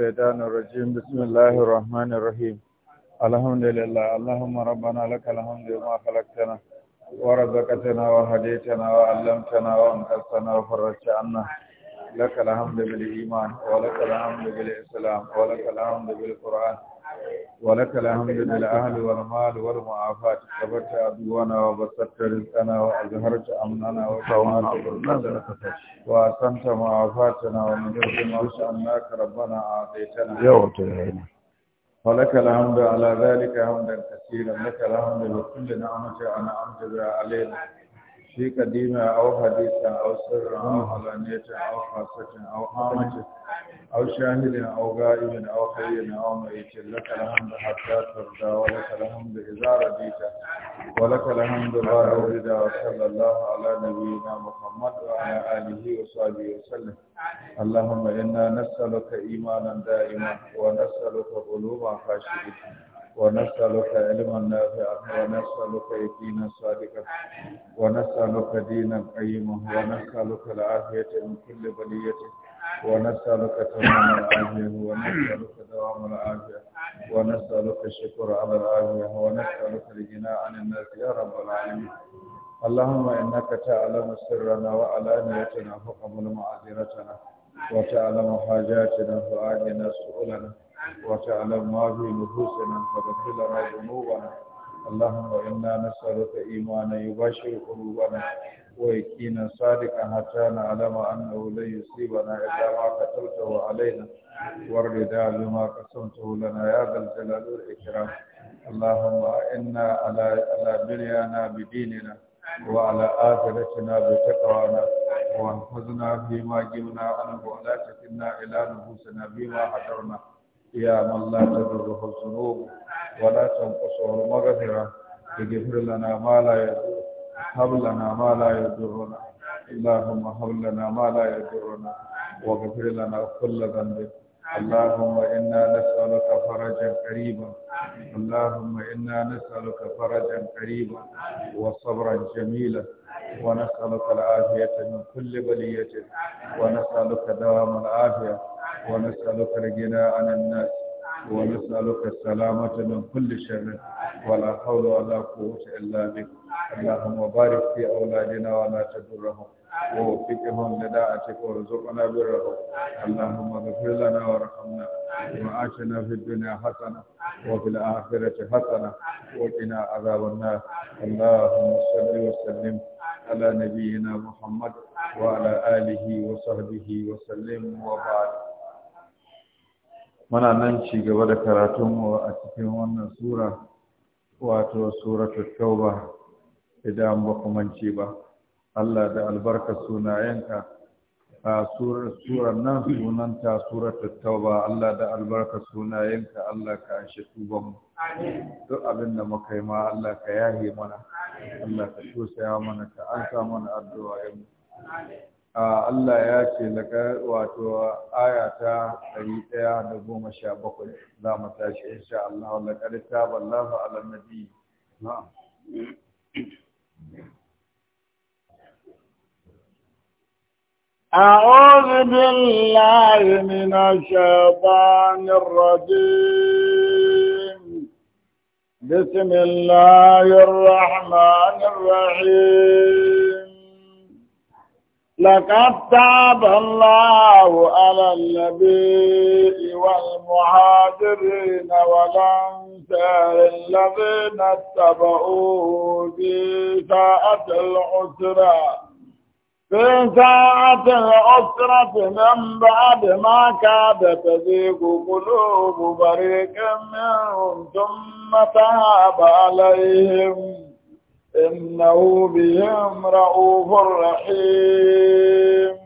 الشيطان الرجيم بسم الله الرحمن الرحيم الحمد لله اللهم ربنا لك الحمد ما خلقتنا ورزقتنا وهديتنا وعلمتنا وانقذتنا وفرجت عنا لك الحمد بالإيمان ولك الحمد بالإسلام ولك الحمد بالقرآن ولك الحمد بالأهل والمال والمعافاة كبرت عدونا وبسطت رزقنا وأزهرت أمننا وكونت بركتنا وأحسنت معافاتنا ومن كل ما سألناك ربنا أعطيتنا ولك الحمد على ذلك حمدا كثيرا لك الحمد لكل نعمة أنعمت بها علينا shi kadima au hadisan a sirran halannetin au fasikin au hamacin au shahidin au ga'ibin au hayyana au mai ce lakalahan da hatta tarda wa lakalahan da izara dita wa lakalahan da ba a wuri da wasu sallallahu ala nabi na muhammad wa ala alihi wa sabi wa sallam allahumma inna nasaluka imanan da'ima wa nasaluka buluban fashidin ونسألك علما نافعا ونسألك يقينا صادقا ونسألك دينا قيما ونسألك العافية من كل بلية ونسألك تمام العافية ونسألك دوام العافية ونسألك الشكر على العافية ونسألك الغنى عن الناس يا رب العالمين اللهم إنك تعلم سرنا وعلانيتنا فقبل معذرتنا وتعلم حاجاتنا فآتنا سؤلنا وتعلم ما في نفوسنا فاغفر لنا ذنوبنا اللهم إنا نسألك إيمانا يباشر قلوبنا ويكينا صادقا حتى نعلم أنه لن يصيبنا إلا ما كتبته علينا والرداء بما قسمته لنا يا ذا الجلال والإكرام اللهم إنا على على دنيانا بديننا وعلى آخرتنا بتقوانا وانفذنا فيما جئنا عنه ولا تكلنا إلى نفوسنا فيما حضرنا يا من لا تضره الذنوب ولا تنقصه المغفرة اغفر لنا ما لا يضر هب لنا ما لا يضرنا اللهم هب لنا ما لا يضرنا واغفر لنا كل ذنب اللهم إنا نسألك فرجا كريما اللهم إنا نسألك فرجا كريما وصبرا جميلا ونسألك العافية من كل بلية ونسألك دوام العافية ونسألك الغنى عن الناس ونسألك السلامة من كل شر ولا حول ولا قوة إلا بك اللهم بارك في أولادنا ولا تضرهم ووفقهم لداعتك وارزقنا برهم اللهم اغفر لنا وارحمنا وآتنا في الدنيا حسنة وفي الآخرة حسنة وقنا عذاب النار اللهم صل وسلم على نبينا محمد وعلى آله وصحبه وسلم وبعد muna nan ci gaba da karatunmu a cikin wannan sura wato sura tattauba idan ba kumanci ba Allah da albarka sunayenka a sura nan sunanta sura tattauba Allah da albarka sunayenka Allah ka anshe tuban mu duk abin da muka yi ma Allah ka yahe mana Allah ka tosaya mana ka ansa mana addu'a yanzu. Allah ya ce laka wato aya ta 117 za mu tashi insha Allah laqad taballahu ala nabi na'am أعوذ بالله من الشيطان الرجيم بسم الله الرحمن الرحيم لقد تاب الله على النبي والمهاجرين والأنصار الذين اتبعوه في ساعة العسرة في ساعة العسرة من بعد ما كاد تزيغ قلوب بريق منهم ثم تاب عليهم إنه بهم رؤوف رحيم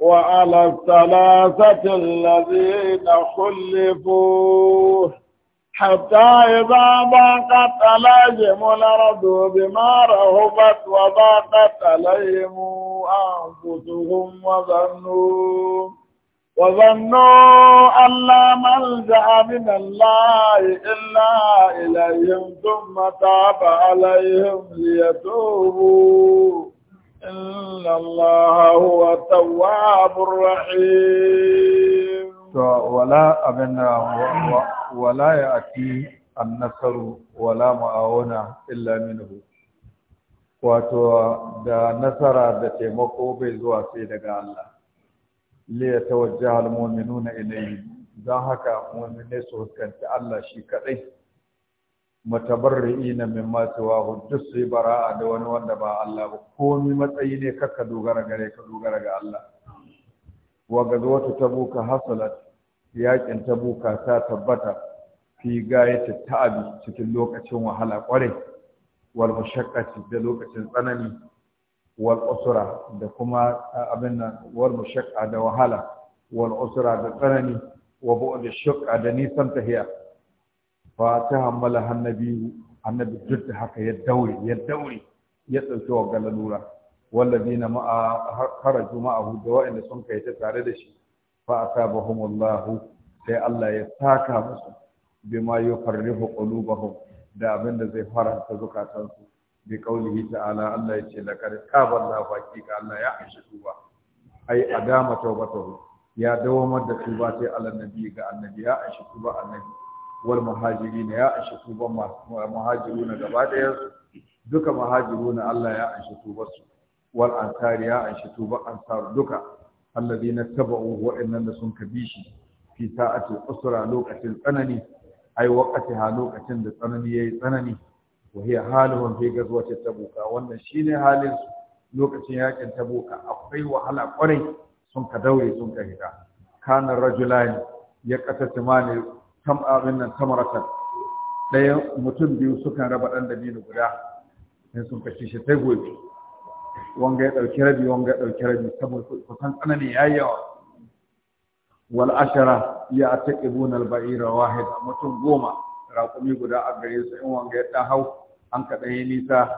وعلى الثلاثة الذين خلفوا حتى إذا ضاقت عليهم الأرض بما رهبت وضاقت عليهم أنفسهم وظنوا وظنوا أن لا ملجأ من الله إلا إليهم ثم تاب عليهم ليتوبوا إن الله هو التواب الرحيم ولا أبنى ولا يأتي النصر ولا معاونة إلا منه wato da nasara da taimako bai zuwa sai daga Allah li yatawajjaha almu'minuna ilayhi dan haka mu'mine su huskanci Allah shi kadai matabarri'ina mimma siwahu duk su bara'a da wani wanda ba Allah ba komai matsayi ne kakka dogara gare ka dogara ga Allah wa gazwatu tabuka hasalat yaqin tabuka ta tabbata fi gayati ta'abi cikin lokacin wahala kwarai wal mushaqqati da lokacin tsanani wal da kuma abin nan warin mushaqqa da wahala wal da tsanani wa bu'd shaqqa da nisan tahiya ta tahammala annabi annabi duk haka ya daure ya daure ya dauki wa galalura walladina ma'a kharaju ma'ahu da wa'anda sun kai ta tare da shi fa asabahumullahu sai Allah ya saka musu bima yufarrihu qulubahum da abin da zai faranta zukatansu bi qaulihi ta'ala Allah yace laqad taba Allah haqiqa Allah ya amshi tuba ai adama tawbatahu ya dawo madda tuba sai ala nabi ga annabi ya amshi tuba annabi wal muhajirin ya amshi tuba muhajiruna gaba daya duka muhajiruna Allah ya amshi tubar su wal ansar ya amshi tuba ansar duka alladhina tabau wa'annan da sun kabishi fi sa'ati usra lokacin tsanani ai waqatiha lokacin da tsanani yayi tsanani wa hiya haluhum fi ghazwati tabuka wannan shine halin su lokacin yakin tabuka akwai wahala kwarai sun ka daure sun ka hita kana rajulani ya kasata mani tam abin nan mutum biyu sukan raba dan dabino guda sai sun kashi shi sai gobe wanga ya dauki rabi wanga ya dauki rabi saboda kusan yawa ba'ira wahid mutum goma raƙumi guda a gare su in wanga ya hau an kaɗa yi nisa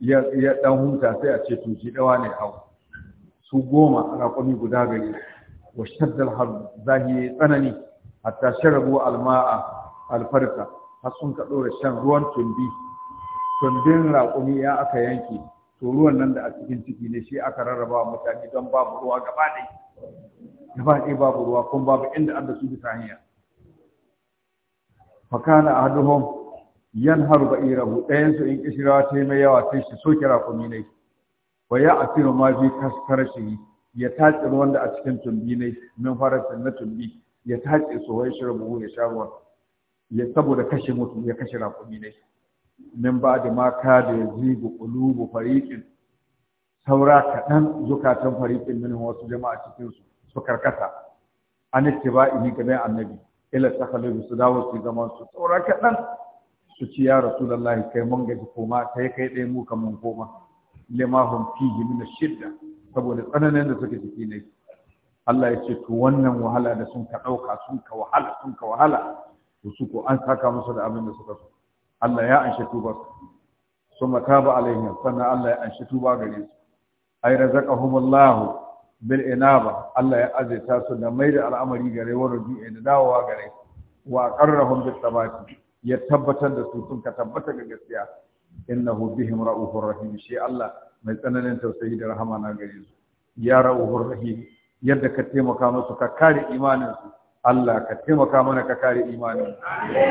ya ɗan hunta sai a ce tunci ɗawa ne hau su goma raƙumi guda gari wa shaddal har zahi tsanani hatta sharabu alma'a alfarka har sun ka ɗora shan ruwan tumbi tumbin raƙumi ya aka yanke to ruwan nan da a cikin ciki ne shi aka rarraba wa mutane don babu ruwa gaba ɗaya gaba ɗaya babu ruwa kuma babu inda an da su bisa hanya fakana ahaduhum yan har ba bu ɗayan su in kishira ta yi mai yawa ta shi soke rakumi ne wa ya asiru ma bi kaskar shi ya tace wanda a cikin tumbi ne min farasa na tumbi ya tace su wai shi rubu ya sha ya saboda kashe mutu ya kashe rakumi ne min ba da maka da ya zigu fariƙin saura kaɗan zukatan fariƙin min wasu jama'a cikin su su karkata an ittiba'i ni ga annabi ila sakhalu su dawo su zaman su saura kaɗan su ci ya rasulullahi kai mun gaji koma kai kai dai mu kan mun koma lima hum fihi min shidda saboda tsananin da suke ciki ne Allah ya ce to wannan wahala da sun ka ɗauka, sun ka wahala sun ka wahala to su ko an saka musu da abin da suka so Allah ya anshe tubar su suma taba alaihim sannan Allah ya anshe tuba gare su ay razaqahumullahu bil inaba Allah ya azaita su da mai da al'amari gare wa rubi'a da dawowa gare wa qarrahum bis sabati ya tabbatar da su sun ka tabbata ga gaskiya innahu bihim ra'ufur rahim shi Allah mai tsananin tausayi da rahama na gare su ya ra'ufur rahim yadda ka taimaka musu ka kare imanin su Allah ka taimaka mana ka kare imanin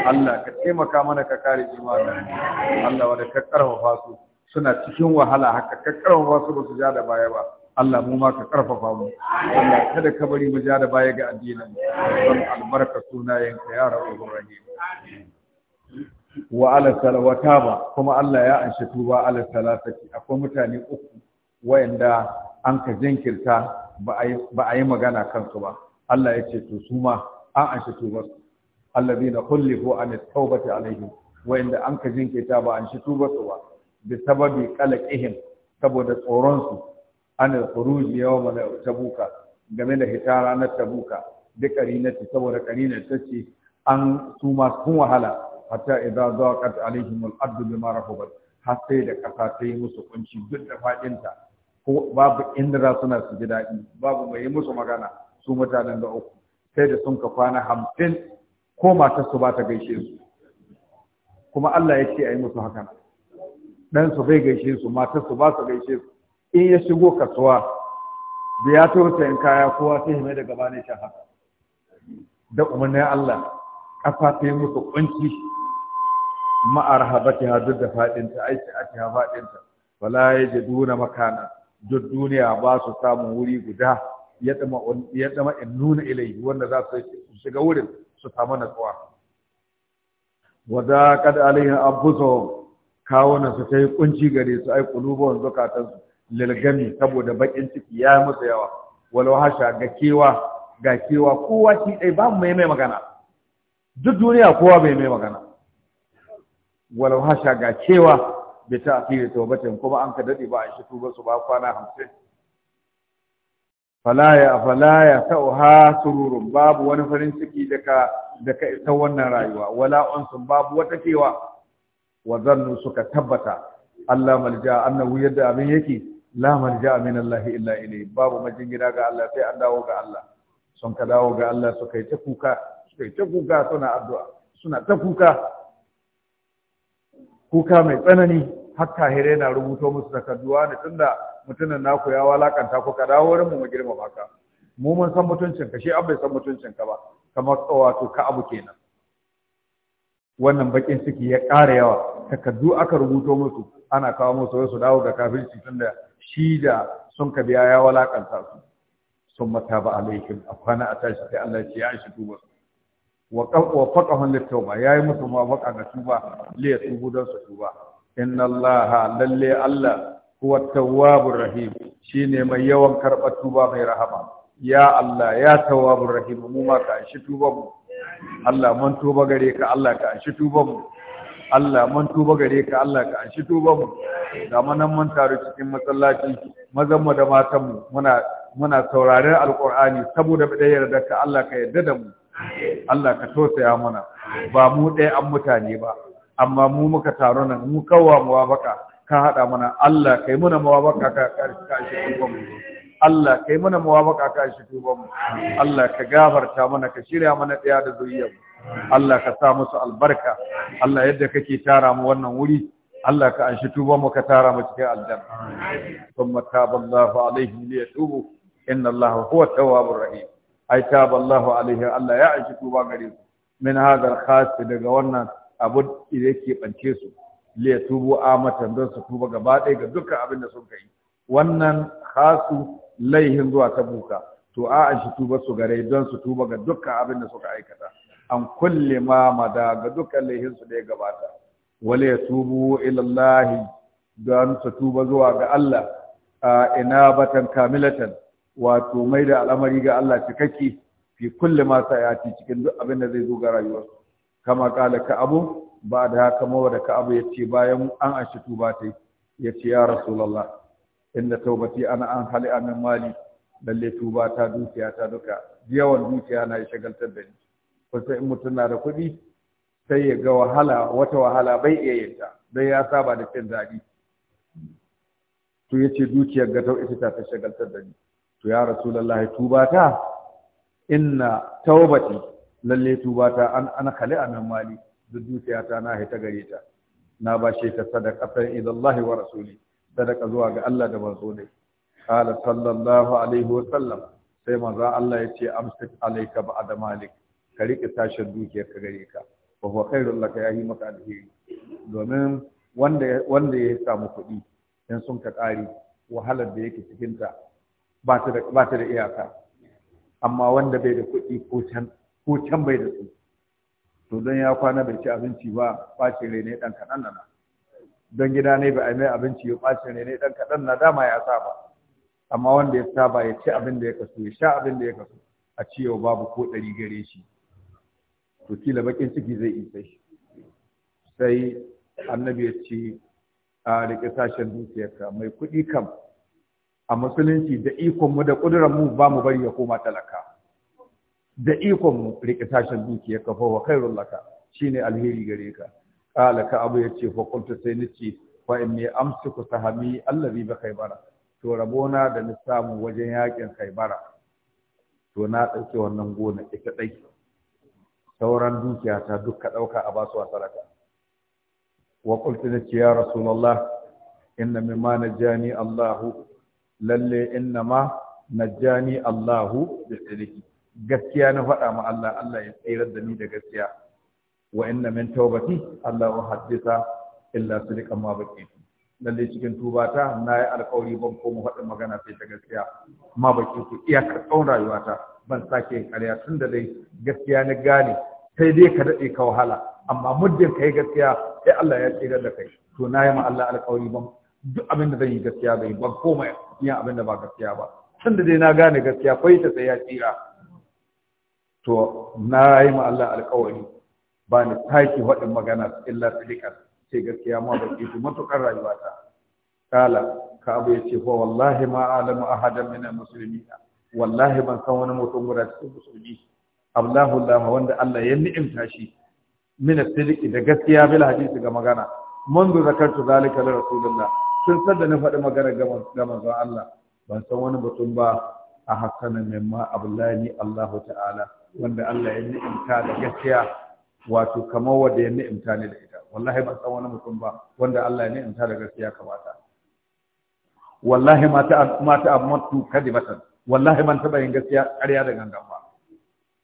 Allah ka taimaka mana ka kare imanin Allah wanda ka karfafa su suna cikin wahala haka ka karfafa su ba su ja da baya ba Allah mu ma ka karfafa mu Allah kada ka bari mu ja da baya ga addinin mu don albarka sunayen ka ya ra'ufur rahim wa ala wa taba kuma Allah ya anshi tuba ala salasati akwai mutane uku wayanda an ka jinkirta ba a yi magana kansu ba Allah ya ce to su ma an anshi tubar alladhina kullifu an tawbati alaihim wayanda an ka jinkirta ba an shi su ba bi sababi qalaqihim saboda tsoron su an khuruji yawma tabuka game da hitara na tabuka bi karinati saboda ta ce an su ma sun wahala hatta idza daqat alaihim al ard bima rahabat hatta sai da kasa ta yi musu kunci duk da ta ko babu inda za suna su ji daɗi babu mai yi musu magana su mutanen da uku sai da sun ka kwana hamsin ko matar su ba ta gaishe su kuma Allah ya ce a yi musu hakan dan su bai gaishe su matar su ba su gaishe su in ya shigo kasuwa da ya tura in kaya kowa sai himai daga bane shi haka da umarnin Allah kafa ta yi musu kunci ma'ar ha duk da faɗinta aiki a cikin faɗinta wala ya ji duna makana duk duniya ba su samun wuri guda ya dama in nuna ilai wanda za su shiga wurin su samu natsuwa wada kad alaihi abuso kawunan su kai kunci gare su ai kulubon zakatan lilgami saboda bakin ciki ya musu yawa walau hasha ga kewa ga kewa kowa shi dai ba mai mai magana duk duniya kowa bai mai magana walau hasha ga cewa bi ta'khiri tawbatin kuma an ka dade ba a shi tuba su ba kwana 50 fala ya fala ya tauha sururun babu wani farin ciki daga daga ita wannan rayuwa wala unsun babu wata cewa wa zannu suka tabbata Allah malja annahu yadda abin yake la malja min Allah illa ilayhi babu gida ga Allah sai an dawo ga Allah sun ka dawo ga Allah suka yi ta kuka suka yi ta kuka suna addu'a suna ta kuka kuka mai tsanani har kahirai na rubuto musu takarduwa ne tunda mutumin naku ya walakanta ku ka dawo wurin mu mu baka. ka mu mun san mutuncin ka shi bai san mutuncin ka ba kamar wato ka abu kenan wannan bakin ciki ya ƙara yawa takardu aka rubuto musu ana kawo musu su dawo ga kafirci tunda shi da sun ka biya ya walakanta su sun mata ba alaihim a kwana a tashi sai Allah ya ce ya shi tuba wa faqahun ya yayi musu muwafaqa ga tuba li yatubu dan su tuba inna lalle allah huwa tawwabur rahim shine mai yawan karɓar tuba mai rahama ya allah ya tawwabur rahim mu ma ka shi tuban mu Allah mun tuba gare ka Allah ka anshi tuban mu Allah mun tuba gare ka Allah ka anshi tuban mu ga manan mun taru cikin masallaci mazan mu da matan mu muna muna sauraron alqur'ani saboda bidayar da ka Allah ka yarda da mu Allah ka tosaya mana ba mu ɗaya an mutane ba amma mu muka taro nan mu kawwa muwabaka ka haɗa mana Allah kai muna muwabaka ka karshe kuma mu Allah kai muna muwabaka ka shi tuban mu Allah ka gafarta mana ka shirya mana ɗaya da zuriyar Allah ka sa musu albarka Allah yadda kake tara mu wannan wuri Allah ka anshi tuban mu ka tara mu cikin aljanna thumma taballahu alaihim liyatubu inna Allah huwa tawwabur rahim ai taballahu alaihi Allah ya aiki tuba gare su min hadal khas daga wannan abu da yake bance su li yatubu amatan don su tuba gaba ɗaya ga dukkan abin da sun kai wannan khasu laihin zuwa ta buka to a an shi tuba su gare don su tuba ga dukkan abin da suka aikata an kulle ma mada ga dukkan laihin su da ya gabata wala yatubu ila Allah don su tuba zuwa ga Allah inabatan kamilatan wato mai da al'amari ga Allah cikakke fi kulli ma ci cikin duk abin da zai zo ga rayuwarsu kama kala ka abu ba da haka mawa da ka abu yace bayan an ashi tuba ta yace ya rasulullah inna tawbati ana an hali anan mali lalle tuba ta dukiya ta duka yawan dukiya na shagaltar da ni kusa in mutum na da kuɗi sai ya ga wahala wata wahala bai iya yinta. ya saba da cin daɗi to yace dukiyar ga ita ta shagaltar da ni to ya rasulullahi tubata inna taubati lalle tubata an ana a nan mali duk ta na hita gare ta na bashe ta sadaka fa ilallahi wa rasuli sadaka zuwa ga Allah da manzo ne qala sallallahu alaihi wa sallam sai manzo Allah yace amsik alayka da malik ka rike tashin dukiyar ka gare ka wa huwa khairul ya yi maka alheri domin wanda wanda ya samu kuɗi in sun ka ƙari wahalar da yake cikinta ba ta da iyaka amma wanda bai da kuɗi ko can bai da su to don ya kwana bai ci abinci ba ɓacin rai ne ɗan kaɗan na don gida ne ba a mai abinci ya ɓacin rai ne ɗan kaɗan na dama ya saba amma wanda ya saba ya ci abin da ya kasu, ya sha abin da ya kasu, a ci yau babu ko ɗari gare shi to kila bakin ciki zai isa sai sai annabi ya ce a riƙe sashen dukiyarka mai kuɗi kam a musulunci da ikonmu da ƙudurarmu ba mu bari ya koma talaka da ikonmu riƙe tashin dukiyar kafa wa kairun laka shine alheri gare ka ƙala ka abu ya ce fa sai ni ce fa in amsu ku sahami Allah bi ba bara. to rabona da na samu wajen yakin bara. to na ɗauke wannan gona ita ɗai sauran dukiya ta duka ɗauka a basuwa talaka wa ce ya rasulallah, inna mimma najani allahu lalle inna ma najjani Allahu bi sidiki gaskiya na faɗa ma Allah Allah ya tsirar da ni da gaskiya wa inna min tawbati Allah wa haddisa illa sidika ma baki lalle cikin tubata na yi alkawari ban koma faɗin magana sai ta gaskiya ma baki ku iyakar tsawon rayuwata ban sake ƙarya tun da dai gaskiya na gane sai dai ka daɗe ka wahala amma muddin ka yi gaskiya sai Allah ya tsirar da kai to na yi ma Allah alkawari ban duk abin zan yi gaskiya zai ban koma yin abin da ba gaskiya ba tun da dai na gane gaskiya kwai ta sai ya tsira to na yi ma Allah alƙawari ba ni taki waɗin magana illa sadiqan sai gaskiya ma ba ki matukar rayuwa ta kala ka abu ya ce fa wallahi ma alamu ahadan min almuslimina wallahi ban san wani mutum guda cikin musulmi Allahu Allah wanda Allah ya ni'imta shi min sadiqi da gaskiya bil hadisi ga magana منذ ذكرت ذلك لرسول الله tun da na faɗi magana ga manzon Allah ban san wani mutum ba a hakana mimma abdullahi Allahu ta'ala wanda Allah ya ni'imta da gaskiya wato kamar wanda ya ni'imta ne da ita wallahi ban san wani mutum ba wanda Allah ya ni'imta da gaskiya kamata wallahi mata mata kadi kadibatan wallahi man taba yin gaskiya ƙarya da gangan ba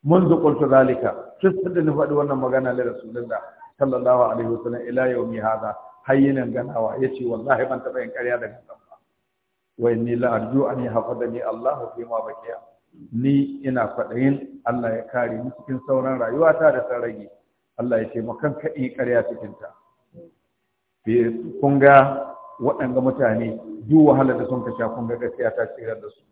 منذ قلت ذلك تسد نفد wannan magana la rasulullah sallallahu alaihi wasallam ila yawmi hadha hayyinan ganawa ya ce wallahi ban taɓa yin ƙarya da gangan ba wa ni la arju an ni Allah fi ma bakiya ni ina kwaɗayin Allah ya kare ni cikin sauran ta da ta rage Allah ya ce makan kaɗi ƙarya cikin ta kun ga waɗanga mutane duk wahala da sun kashe kun ga gaskiya ta tsira da su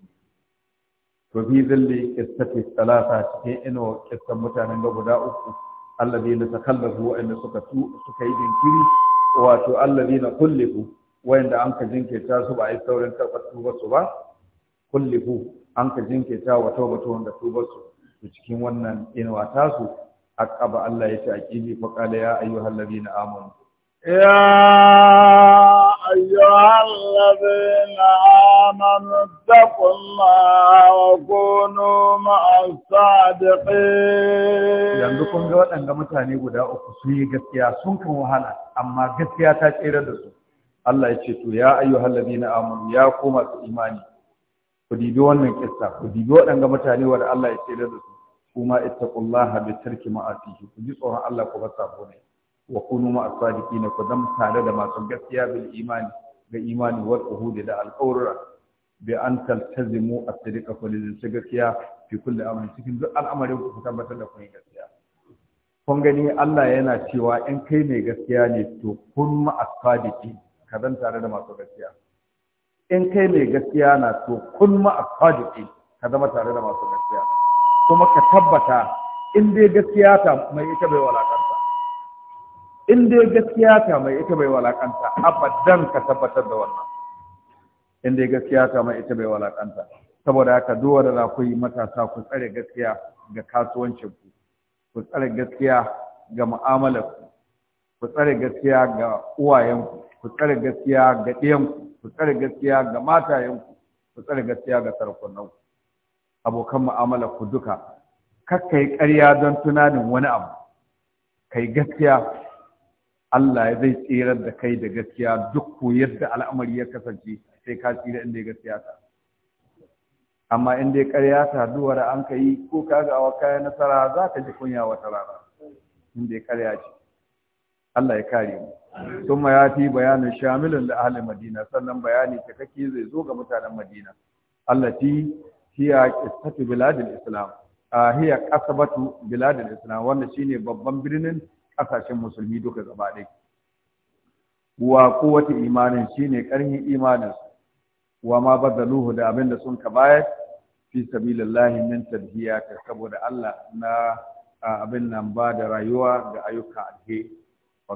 to fi zilli qissati salasa cikin ino kissan mutanen da guda uku allazi na takallafu waɗanda suka suka yi dinkiri wato na kullifu wayanda an ka jinkirta su ba a yi saurin karɓar ba kullifu an ka jinkirta wa taubatuwan da tubar su cikin wannan inuwa tasu aqaba Allah ya ci a fa qala ya na amanu ya أيها الذين آمنوا اتقوا الله وكونوا مع الصادقين yanzu kun ga waɗanda mutane guda uku sun yi gaskiya sun kan wahala amma gaskiya ta tsere da su Allah ya ce to ya ayyuhal ladina amanu ya ku su imani ku dibi wannan kissa ku dibi waɗanda mutane wanda Allah ya tsere da su kuma ittaqullaha bi tarki ma'asihi ku ji tsoron Allah ku bar sabo ne wa kunu ma asadiqina ku zam tare da masu gaskiya bil imani ga imani wal uhudi da alqawra bi an taltazimu as-sidqa ku lizin gaskiya fi kulli amrin cikin duk al'amarin ku tabbatar da kun gaskiya kun gani Allah yana cewa in kai mai gaskiya ne to kun ma asadiqi ka zan tare da masu gaskiya in kai mai gaskiya na to kun ma asadiqi ka zama tare da masu gaskiya kuma ka tabbata in dai gaskiya ta mai ita bai walakanta in dai gaskiya ta mai ita bai walakanta abadan ka tabbatar da wannan in dai gaskiya ta mai ita bai walakanta saboda haka duk wanda za ku yi matasa ku tsare gaskiya ga kasuwancin ku ku tsare gaskiya ga mu'amalar ku ku tsare gaskiya ga uwayenku ku tsare gaskiya ga ɗiyanku ku tsare gaskiya ga matayenku ku tsare gaskiya ga ku abokan mu'amalar ku duka kakkai ƙarya don tunanin wani abu kai gaskiya Allah zai tsirar da kai da gaskiya duk ko yadda al'amari ya kasance sai ka tsira inda ya gaskiya ta amma in dai karya ta da an ka yi ko ka ga awa kayan nasara za ka ji kunya wata rana in dai ƙarya ce Allah ya kare mu Tumma ya fi bayanin shamilin da ahalin madina sannan bayani kake zai zo ga mutanen madina Allah ti hiya kisatu Biladin islam a ah, hiya qasabatu Biladin islam shi shine babban birnin ƙasashen musulmi duka gaba ɗaya wa kowace imanin shine ƙarfin imanin wa ma badaluhu da abin da sun ka bayar fi sabilillahi min ta. saboda Allah na abin nan ba da rayuwa ga ayyuka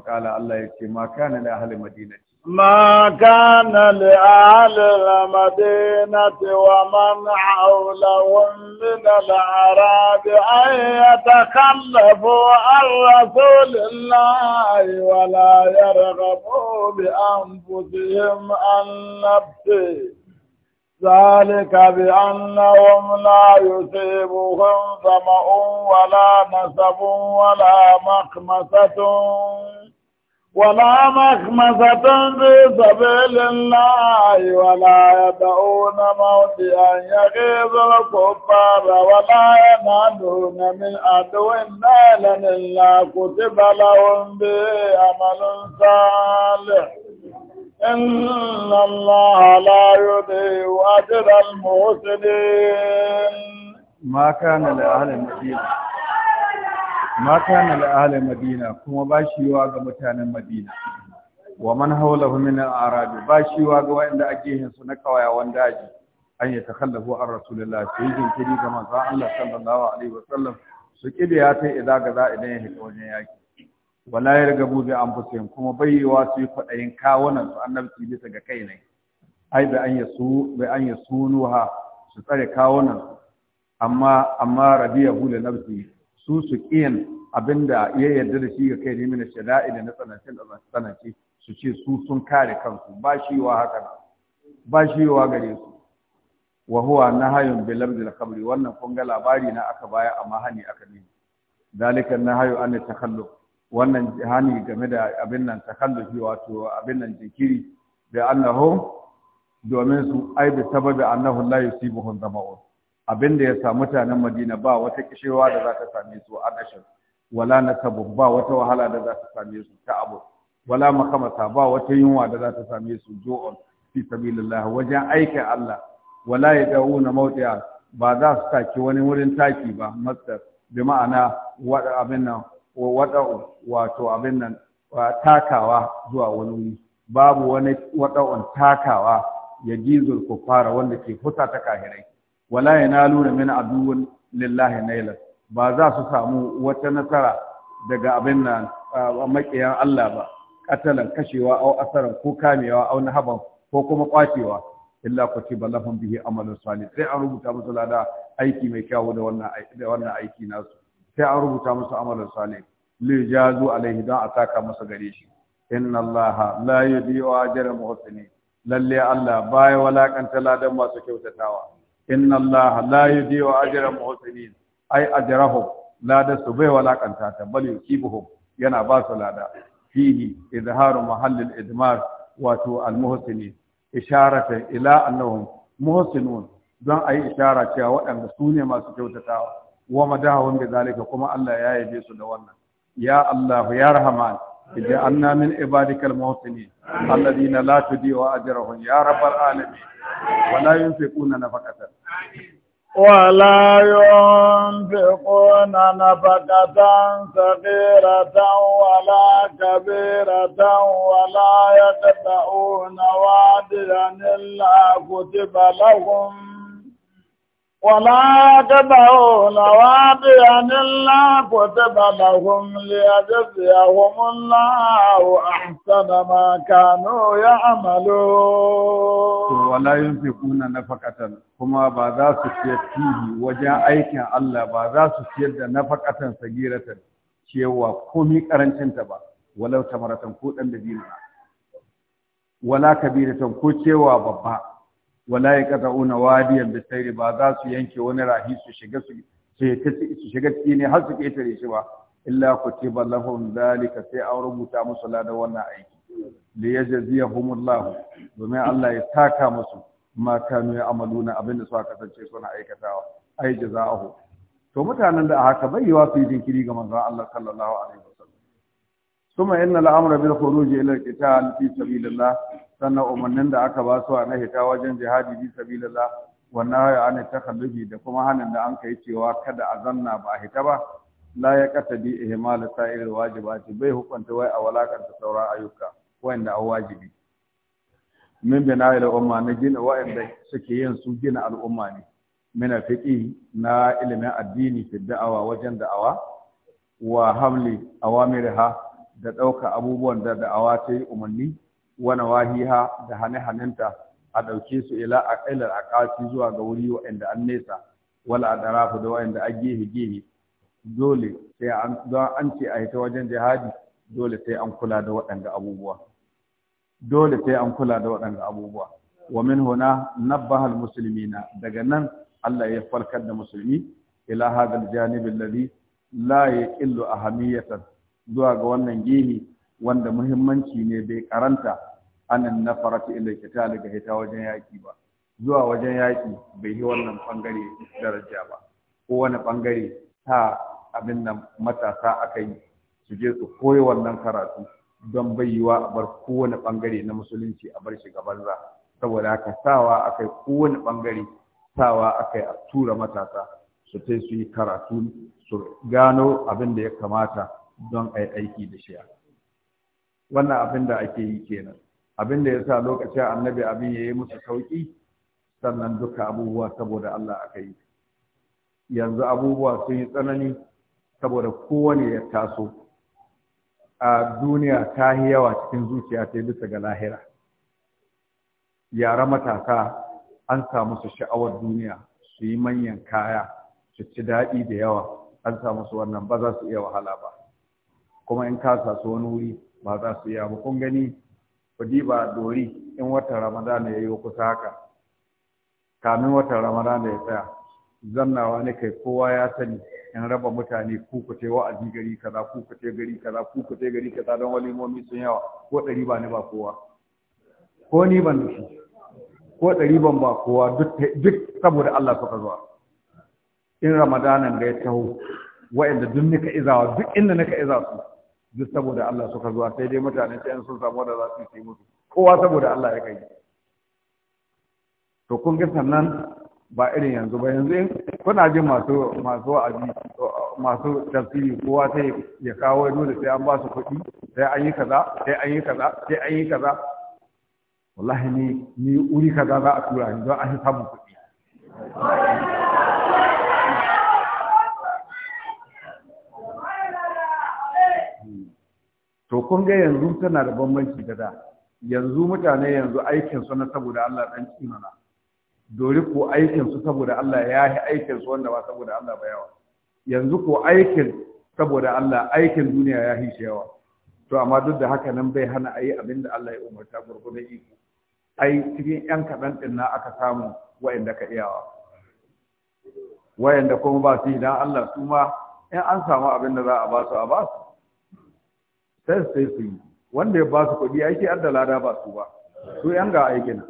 Allah ya ce ma ما na ahalin مدينة ما كان لأهل المدينة ومن حولهم من الأعراب أن يتخلفوا عن رسول الله ولا يرغبوا بأنفسهم عن نفسه ذلك بأنهم لا يصيبهم ظمأ ولا نسب ولا مخمسة ولا مخمسة في سبيل الله ولا يدعون موتئا يغيظ الكفار ولا ينادون من عدو نالا إلا كتب لهم به عمل صالح إن الله لا يضيع أجر المحسنين ما كان لأهل المدينة mata na la'ahalar madina kuma ba ga mutanen madina wa man haulahu min al-arabi ba ga wanda ake yin su na kawayawan daji an ya takhallafu an rasulullah su yi jinkiri ga manzon Allah sallallahu alaihi wa sallam su ya ta ga za idan ya hita wajen yaki wala yargabu bi anfusihim kuma wa su yi kwadayin kawunan su annabci bisa ga kai ne ai da an yasu bi su tsare kawunan amma amma rabiyahu li su su kiyan da ya yarda da shi ga kai ne mina shada'i da na tsanance su ce su sun kare kansu ba shi wa haka ba shi wa gare su wa huwa nahayun bil lamd al wannan kun ga labari na aka baya amma hani aka ne dalika nahayu an takhalluq wannan hani game da abin nan takhallufi wato abin nan jinkiri da annahu domin su ai bi sababi annahu la yusibuhum dama'un abin da ya sa mutanen madina ba wata kishewa da za ta same su a ƙashin wala na tabu ba wata wahala da za ta same su ta abu wala makamata ba wata yunwa da za ta same su jo'on fi sabilillah wajen aikin Allah wala ya dawo na mautiya ba za su taki wani wurin taki ba masdar bi ma'ana wada abin nan wada wato abin nan takawa zuwa wani wuri babu wani wada'un takawa ya gizul kufara wanda ke fusa ta kahirai wala yanaluna min aduwwin lillahi naila ba za su samu wata nasara daga abin nan makiyan Allah ba katalan kashewa au asaran ko kamewa au nahaban ko kuma kwacewa illa ci lahum bihi amalun salih sai an rubuta musu lada aiki mai kyau da wannan aiki nasu sai an rubuta musu amalun salih li jazu alaihi don a saka masa gare shi inna allaha la yudiyu ajra muhsinin lalle Allah baya walakanta ladan masu kyautatawa inna Allah la yudiyu ajra muhsinin ai ajrahum lada su bai walakanta ta bal yukibuhum yana ba su lada fihi izharu muhallin idmar wato al muhsinin isharata ila annahum muhsinun don ayi ishara cewa waɗanda su ne masu kyautatawa wa madahum bi zalika kuma Allah ya yabe su da wannan ya Allah ya rahman اجعلنا من عبادك المحسنين الذين لا تضيع اجرهم يا رب العالمين ولا ينفقون نفقه ولا ينفقون نفقة صغيرة ولا كبيرة ولا يقطعون واديا إلا كتب لهم wàlá àdébà ò náwà bí i ẹni ńlá pọ̀ tẹ́ bá bá wọ́n ń lé adébì àwọn ọmọ ńlá ò àṣàdà máa nafa kàtà kuma ba za su fiye tíì wajen aikin allah ba za su fiye da nafa kàtà ní sagira ta cewa ko mi karancin ta ba wàlá samaratan ko ɗan da biyu na. wàlá kabiru ta ko cewa babba wala ya kata una wadiyan da sai ba za su yanke wani rahi su shiga su shiga ciki ne har su ƙetare shi ba illa kutiba lahum zalika sai an rubuta musu ladan wannan aiki li yajziyahumullahu domin Allah ya taka musu ma kanu abin abinda suka kasance suna aikatawa ai jaza'ahu to mutanen da a haka bai yiwa su yi jinkiri ga manzon Allah sallallahu alaihi wasallam kuma inna al bil khuruj ila al-qital fi sabilillah sannan umarnin da aka ba su a na hita wajen jihadi bi sabilillah wannan haya ana takhallufi da kuma hanin da an kai cewa kada a zanna ba a hita ba la ya bi ihmal sa'ir wajibati bai hukunta wai a ta sauran ayyuka wanda a wajibi min bina ila umma na gina wa'anda suke yin su gina al'umma ne min fiqi na ilimin addini fi da'awa wajen da'awa wa hamli awamirha da ɗauka abubuwan da da'awa ta yi umarni Wani wahiha da hane-hanenta a ɗauke su ila a aƙasi zuwa ga wuri wa'anda an nesa wala adarafu da wa'anda a gehe-gehe dole sai an an ce a hita wajen jihadi dole sai an kula da waɗanda abubuwa dole sai an kula da waɗanda abubuwa wa min huna nabbahal muslimina daga nan Allah ya farkar da musulmi ila hadal janibin ladhi la yaqillu ahamiyatan zuwa ga wannan gehe wanda muhimmanci ne bai karanta anan na farati ila kitali ga hita wajen yaki ba zuwa wajen yaƙi bai yi wannan bangare daraja ba ko wani bangare ta abin nan matasa aka yi su je su koyi wannan karatu don bayyuwa a bar kowane bangare na musulunci a bar shi gaban za saboda haka sawa aka yi kowane bangare sawa aka yi a tura matasa su ta su yi karatu su gano abin da ya kamata don a yi aiki da shi wannan abin da ake yi kenan abin da ya sa lokacin annabi abin ya yi musu sauƙi sannan duka abubuwa saboda Allah aka yi yanzu abubuwa sun yi tsanani saboda kowane ya taso a duniya ta yi yawa cikin zuciya ta bisa ga lahira yara matasa an samu su sha'awar duniya su yi manyan kaya su ci daɗi da yawa an samu su wannan ba za su iya wahala ba kuma in ka su wani wuri ba za su yi abu kun gani kudi ba dori in watan Ramadan ya yi kusa haka kamin watan ramadan ya tsaya zannawa ne kai kowa ya sani in raba mutane kukuce wa'azi gari kaza kukuce gari kaza kukuce gari kaza don walimomi sun yawa ko ɗari ba ni ba kowa ko ni ban da shi ko ɗari ban ba kowa duk saboda Allah suka zuwa in ramadanan ga ya taho wa'anda duk nika izawa duk inda nika izawa su duk saboda Allah suka zuwa sai dai mutane sai an sun samu da za su yi musu kowa saboda Allah ya kai to kun ga sannan ba irin yanzu ba yanzu in kuna jin masu masu wa'azi masu tafsiri kowa sai ya kawo dole sai an ba su kuɗi sai an yi kaza sai an yi kaza sai an yi kaza wallahi ni ni uri kaza za a tura ni don an samu kuɗi kun ga yanzu tana da bambanci da da yanzu mutane yanzu aikin su na saboda Allah dan kimana dori ko aikin su saboda Allah ya yi aikin su wanda ba saboda Allah ba yawa yanzu ko aikin saboda Allah aikin duniya ya yi yawa to amma duk da haka nan bai hana ayi abin da Allah ya umarta gurgurun iko ai cikin yan kaɗan din na aka samu wayanda ka iyawa Wayanda kuma ba su idan Allah su ma in an samu abin da za a ba su a ba su sai sai su yi wanda ya ba su kuɗi aiki an da lada ba su ba su yan ga aikin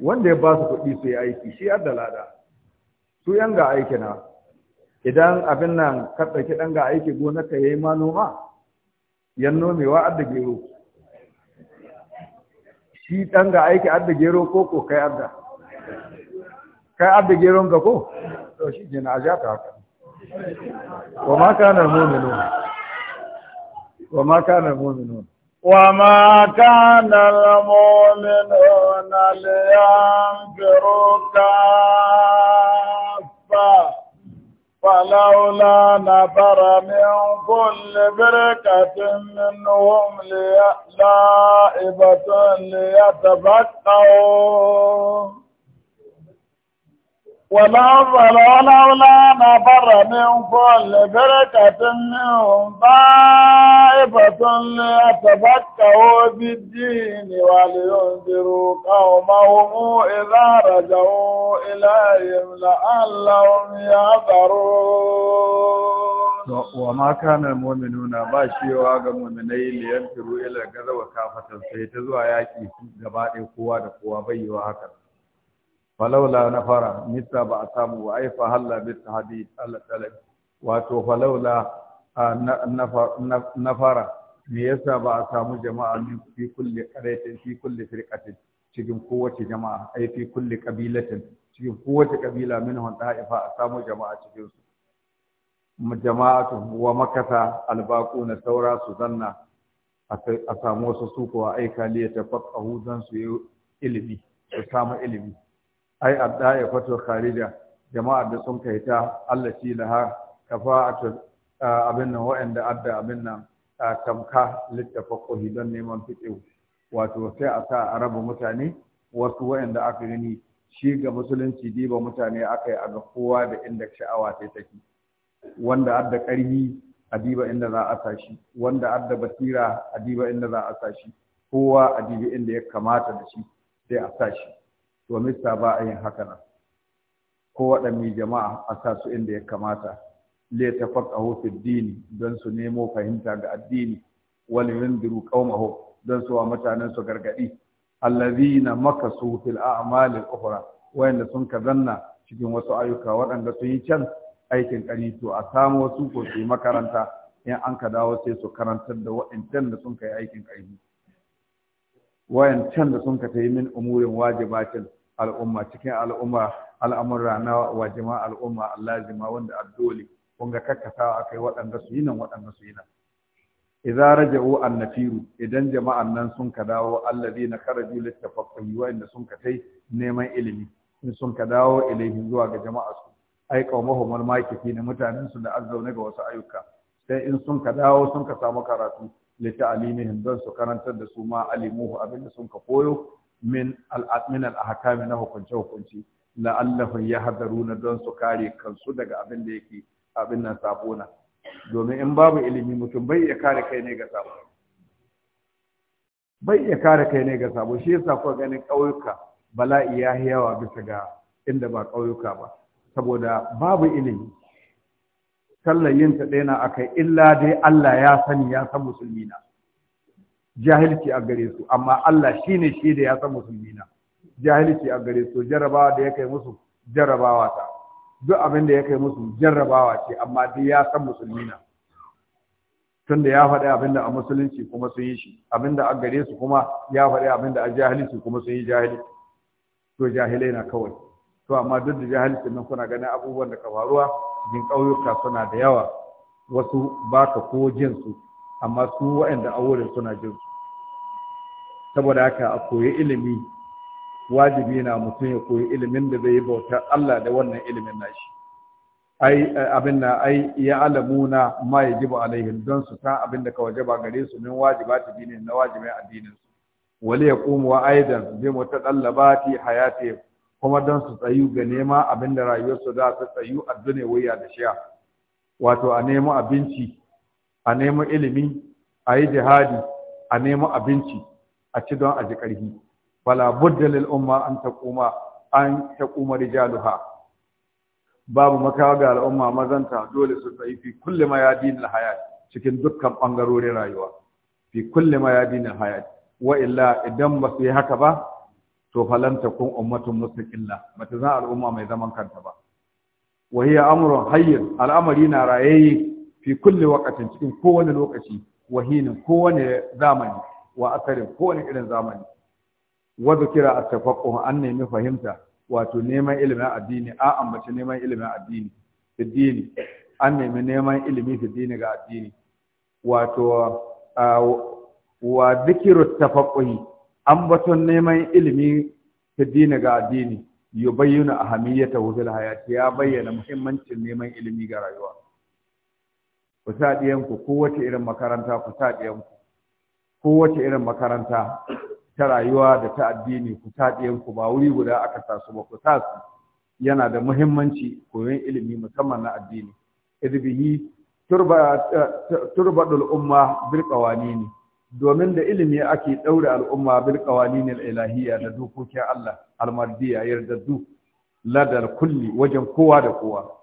wanda ya ba su kuɗi su yi aiki shi an da lada su yan ga aikin idan abin nan ka ɗauki ɗan ga aiki gonar ka yi ma noma yan nomewa da gero shi ɗan ga aiki da gero ko ko kai adda kai da gero ga ko to shi jina a ja ta haka wa ma kana mu'minu وما كان المؤمنون وما كان المؤمنون لينفروا كافة فلولا نفر من كل بركة منهم لائبة ليتفقهوا wala zara wala wala na fara min kwallo bere katin min ba a fasan ne a tabbata obi dini wa liyon ziru kawo mahu izara jawo ilayin ya zaro wa maka na mominu na ba shi yawa ga mominai liyan turu ila gazawa kafatar sai ta zuwa yaƙi, gaba ɗin kowa da kowa bai bayyawa haka falaula na fara nisa ba a samu wa ai fa halla bi tahdi Allah talab wato falaula na fara me yasa ba a samu jama'a min fi kulli qaryatin fi kulli firqatin cikin kowace jama'a ai fi kulli qabilatin cikin kowace kabila minhum da'ifa a samu jama'a cikin su jama'atu wa makata albaquna saura su zanna a samu wasu su kuwa aika liya tafaqahu dan su yi ilimi su samu ilimi ai adda ya fato kharija jama'ar da sun kai ta Allah shi laha kafa'atu abin nan wa'anda adda abin nan tamka littafaqquhi don neman fiqh wato sai a sa arabu mutane wasu wa'anda aka gani shi ga musulunci diba mutane aka yi a ga kowa da inda sha'awa ta take wanda adda ƙarfi a diba inda za a sa shi wanda adda basira a diba inda za a sa shi kowa a diba inda ya kamata da shi sai a sa shi to mista ba a yin haka nan ko waɗanne jama'a a sa su inda ya kamata le tafaqahu fi dini don su nemo fahimta ga addini wani yundiru ƙaumaho, don su wa mutanen su gargadi maka su fil a al wayanda sun zanna cikin wasu ayyuka waɗanda sun yi can aikin ƙari to a samu wasu ko su yi makaranta in an ka dawo sai su karantar da wa'ancan da sun kai aikin ƙari wa'ancan da sun ka ta yi min umurin wajibacin al'umma cikin al'umma al'amurra na wajima al'umma allazima wanda addoli kun ga kakkasawa kai waɗanda su yi nan waɗanda su yi nan annafiru idan jama'an nan sun ka dawo allazina kharaju littafaqquhi wa inda sun ka tai neman ilimi in sun ka dawo ilaihi zuwa ga jama'a su ai qaumahum al-makifi na mutanen su da azzaune ga wasu ayyuka sai in sun ka dawo sun ka samu karatu li ta'limihim don su karantar da su ma alimuhu abinda sun ka koyo min al-min al na hukunce ya hadaru na don su kare kansu daga abin da yake abin nan sabona domin in babu ilimi mutum bai iya kare kai ne ga sabo bai iya kare kai ne ga sabo shi yasa ko ganin ƙauyuka bala'i ya yawa bisa ga inda ba ƙauyuka ba saboda babu ilimi sallar yin ta ɗaya na akai illa dai Allah ya sani ya san musulmi na jahilci a gare su amma Allah shi ne shi da ya san musulmi na jahilci a gare su jarabawa da ya kai musu jarabawa ta duk abin da ya kai musu jarrabawa ce amma duk ya san musulmi na tunda ya faɗi abin da a musulunci kuma sun yi shi abin da a gare su kuma ya faɗi abin da a jahilci kuma sun yi jahilci to jahilai na kawai to amma duk da jahilci nan kuna ganin abubuwan da ka faruwa cikin ƙauyuka suna da yawa wasu ba ka ko jin su amma su waɗanda a wurin suna jin su saboda haka a koyi ilimi wajibi na mutum ya koyi ilimin da zai yi bauta Allah da wannan ilimin nashi ai abin na ai ya alamuna ma ya jibu alaihim don su san abin da ka ba gare su min ta dini na wajibin addinin su wali kuma wa aidan bi mutaqallabati hayati kuma don su tsayu ga nema abin da rayuwarsu za su tsayu a duniya da shiya wato a nemo abinci a nemo ilimi a yi jihadi a nemo abinci a ci don a ji ƙarfi bala budda lil umma an taquma an taquma rijaluha babu makawa ga al'umma mazanta dole su tsayi fi kulli mayadin al hayat cikin dukkan bangarorin rayuwa fi kulli mayadin al hayat wa illa idan ba su yi haka ba to falan takun ummatun mustaqilla bata za al'umma mai zaman kanta ba wa hiya amrun hayyin al'amari na rayayye fi kulli waqatin cikin kowane lokaci wahinin kowane zamani wa asarin kowane irin zamani wa zikira at-tafaqquh an nemi fahimta wato neman ilimin addini a ambaci neman ilimin addini addini an nemi neman ilimi addini ga addini wato wa zikiru tafaqquhi ambaton neman ilimi addini ga addini yubayyana ahamiyatahu wajen hayati ya bayyana muhimmancin neman ilimi ga rayuwa ku sa ɗiyanku kowace irin makaranta ku sa ɗiyanku kowace irin makaranta ta rayuwa da ta addini ku sa ɗiyanku ba wuri guda aka sa su ba ku sa su yana da muhimmanci koyon ilimi musamman na addini idbihi turbadul umma bil qawanini domin da ilimi ake daure al'umma bil qawanini al ilahiyya da dokokin Allah al mardiya yarda duk ladal kulli wajen kowa da kowa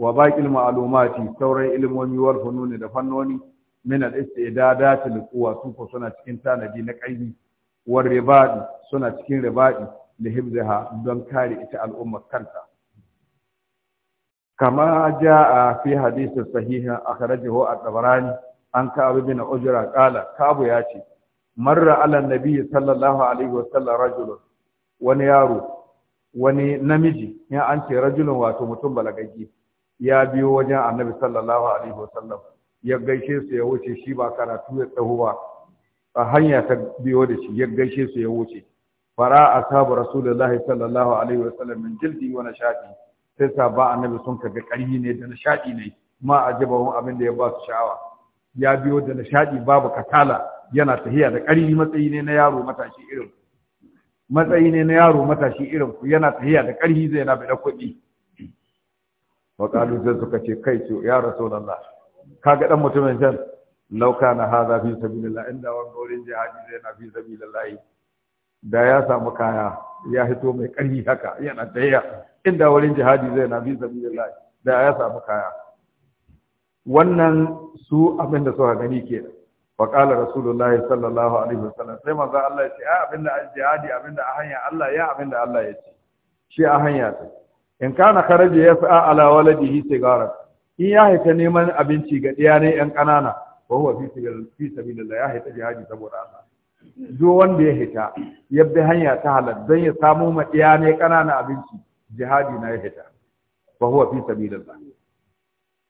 wa baƙil ma'lumati sauran ilmomi wal da fannoni min al istidadat al quwa su ko suna cikin tanadi na ƙarfi war ribadi suna cikin ribadi da hibzaha don kare ita al'umma kanta kama jaa fi hadith sahih akhrajahu at-tabarani an ka'ab bin ujra kala, kabu yace marra ala nabiy sallallahu alaihi wa sallam rajulun wani yaro wani namiji ya an ce rajulun wato mutum balagaggi ya biyo wajen annabi sallallahu alaihi wasallam ya gaishe su ya wuce shi ba karatu ya tsaho ba a hanya ta biyo da shi ya gaishe su ya wuce fara ashabu rasulullahi sallallahu alaihi wasallam min jildi wa nashadi sai saba annabi sun kaga ƙarfi ne da nashadi ne ma ajabahum abin da ya ba su sha'awa ya biyo da nishadi babu katala yana tahiya da ƙarfi matsayi ne na yaro matashi irin matsayi ne na yaro matashi irin ku yana tahiya da ƙarfi zai na da kuɗi waƙalu zai suka ce kai su ya Ka kaga dan mutumin can na kana hadha fi sabilillah inda wani wurin jihadi zai na fi sabilillah da ya samu kaya ya hito mai ƙarfi haka yana tayya inda wani jihadi zai na fi sabilillah da ya samu kaya wannan su abin da suka gani ke kenan faƙalar rasulullahi sallallahu alaihi wasallam sai manzo Allah ya ce a abinda jihadi abinda a hanya Allah ya abinda Allah ya ce shi a hanya ta in kana kharaja yas'a ala waladihi sigara in ya haita neman abinci ga ɗaya ne yan ƙanana wa huwa fi fi sabilillah ya haita jihadi saboda Allah duk wanda ya hita ya bi hanya ta halal don ya samu ma ɗaya ne ƙanana abinci jihadi na ya hita wa huwa fi sabilillah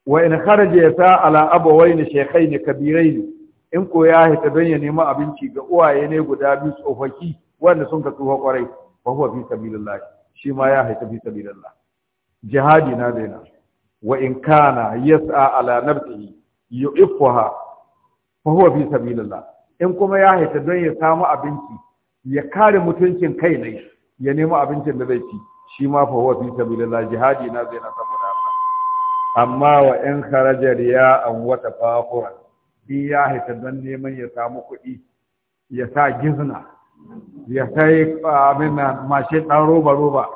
wa in kharaja yasa ala abawayn shaykhayn kabirayn in ko ya hita don ya nemi abinci ga uwaye ne guda biyu tsofaffi wanda sun ka tsufa kwarai fa huwa fi sabilillah shi ma ya hita fi sabilillah jihadi na daina wa in kana yas'a ala nafsihi yu'iffaha fa huwa fi sabilillah in kuma ya haita don ya samu abinci ya kare mutuncin kai ne ya nemo abincin da zai ci shi ma fa huwa fi sabilillah jihadi na daina saboda Allah amma wa in kharaja an wa tafakhuran in ya haita don neman ya samu kuɗi ya sa gizna ya sai abin mashi ɗan roba roba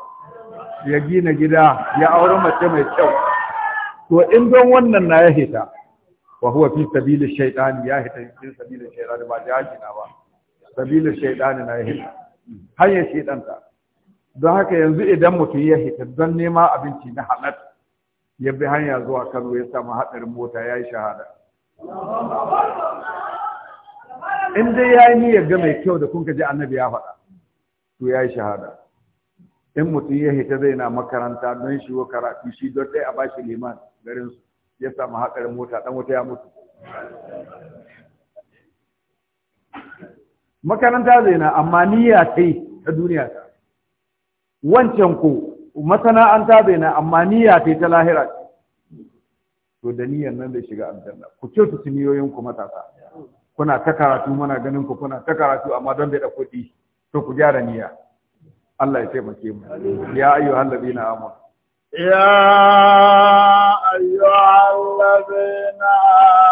ya gina gida ya aure mace mai kyau to in don wannan na ya hita wa huwa fi sabilin shaytani ya hita fi sabilin shaytani ba ya gina ba sabilin shaytani na ya hita hanyar shaytanta don haka yanzu idan mutum ya hita don nema abinci na halal ya bi hanya zuwa Kano ya samu hadarin mota ya yi shahada in dai ya yi niyyar ga mai kyau da kun ka ji annabi ya faɗa to ya yi shahada in mutum ya hita zai na makaranta don shi wa karatu shi don ɗaya a bashi liman garin su ya samu haƙarin mota ɗan wuta ya mutu makaranta zai na amma niyya ta yi ta duniya ta wancan ko masana'anta zai na amma niyya ta yi ta lahira to da niyyar nan da shiga aljanna ku kyautu su ku matasa kuna ta karatu mana ganin ku kuna ta karatu amma don bai da kuɗi to ku gyara niyya Allah ya taimake mu ya ayyuhal ladina amanu ya ayyuhal ladina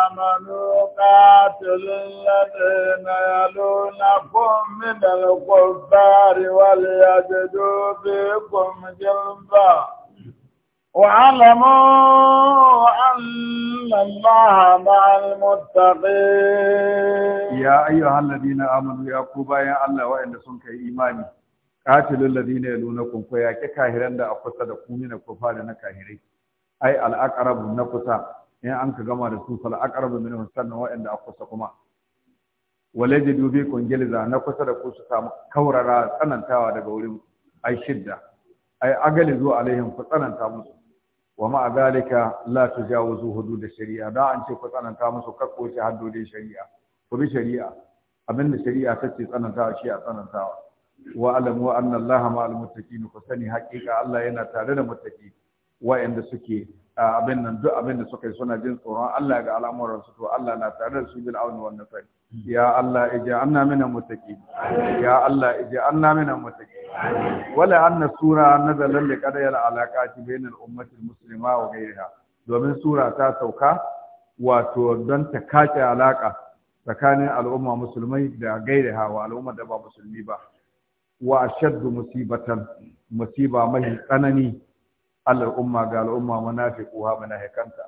amanu qatilul ladina yalunakum min al-kuffari wal yajidu fikum jilba واعلموا أن الله مع المتقين يا أيها الذين آمنوا يا كوبا يا الله وإن سنك إيماني qatilul ladina yalunakum ko yaki kahiran da a kusa da ku mina kufara na kahirai ai al aqrabu na kusa in an ka gama da su fal aqrabu minhum sannan wa'anda a kusa kuma wala jidu bi kungilza na kusa da ku su samu kaurara tsanantawa daga wurin ai shidda ai agali zuwa alaihim ku tsananta musu wa ma zalika la tujawizu hudud shari'a da an ce ku tsananta musu kar kakko wuce haddodin shari'a ku bi shari'a abinda shari'a ta ce tsanantawa shi a tsanantawa wa alamu anna allaha ma'al muttaqin ku sani hakika Allah yana tare da muttaqi wa'anda suke abin nan duk abin da suka yi suna jin tsoron Allah ga al'amuran su to Allah na tare da su bil auni wannan sai ya Allah ij'alna minal muttaqin ya Allah ij'alna minal muttaqin wala anna sura nazala li qadayal alaqati bainal ummati muslima wa ghayriha domin sura ta sauka wato don ta kace alaka tsakanin al'umma musulmai da gairaha wa al'umma da ba musulmi ba wa ashaddu musibatan musiba mai tsanani al'umma ga al'umma munafiquha munafikanta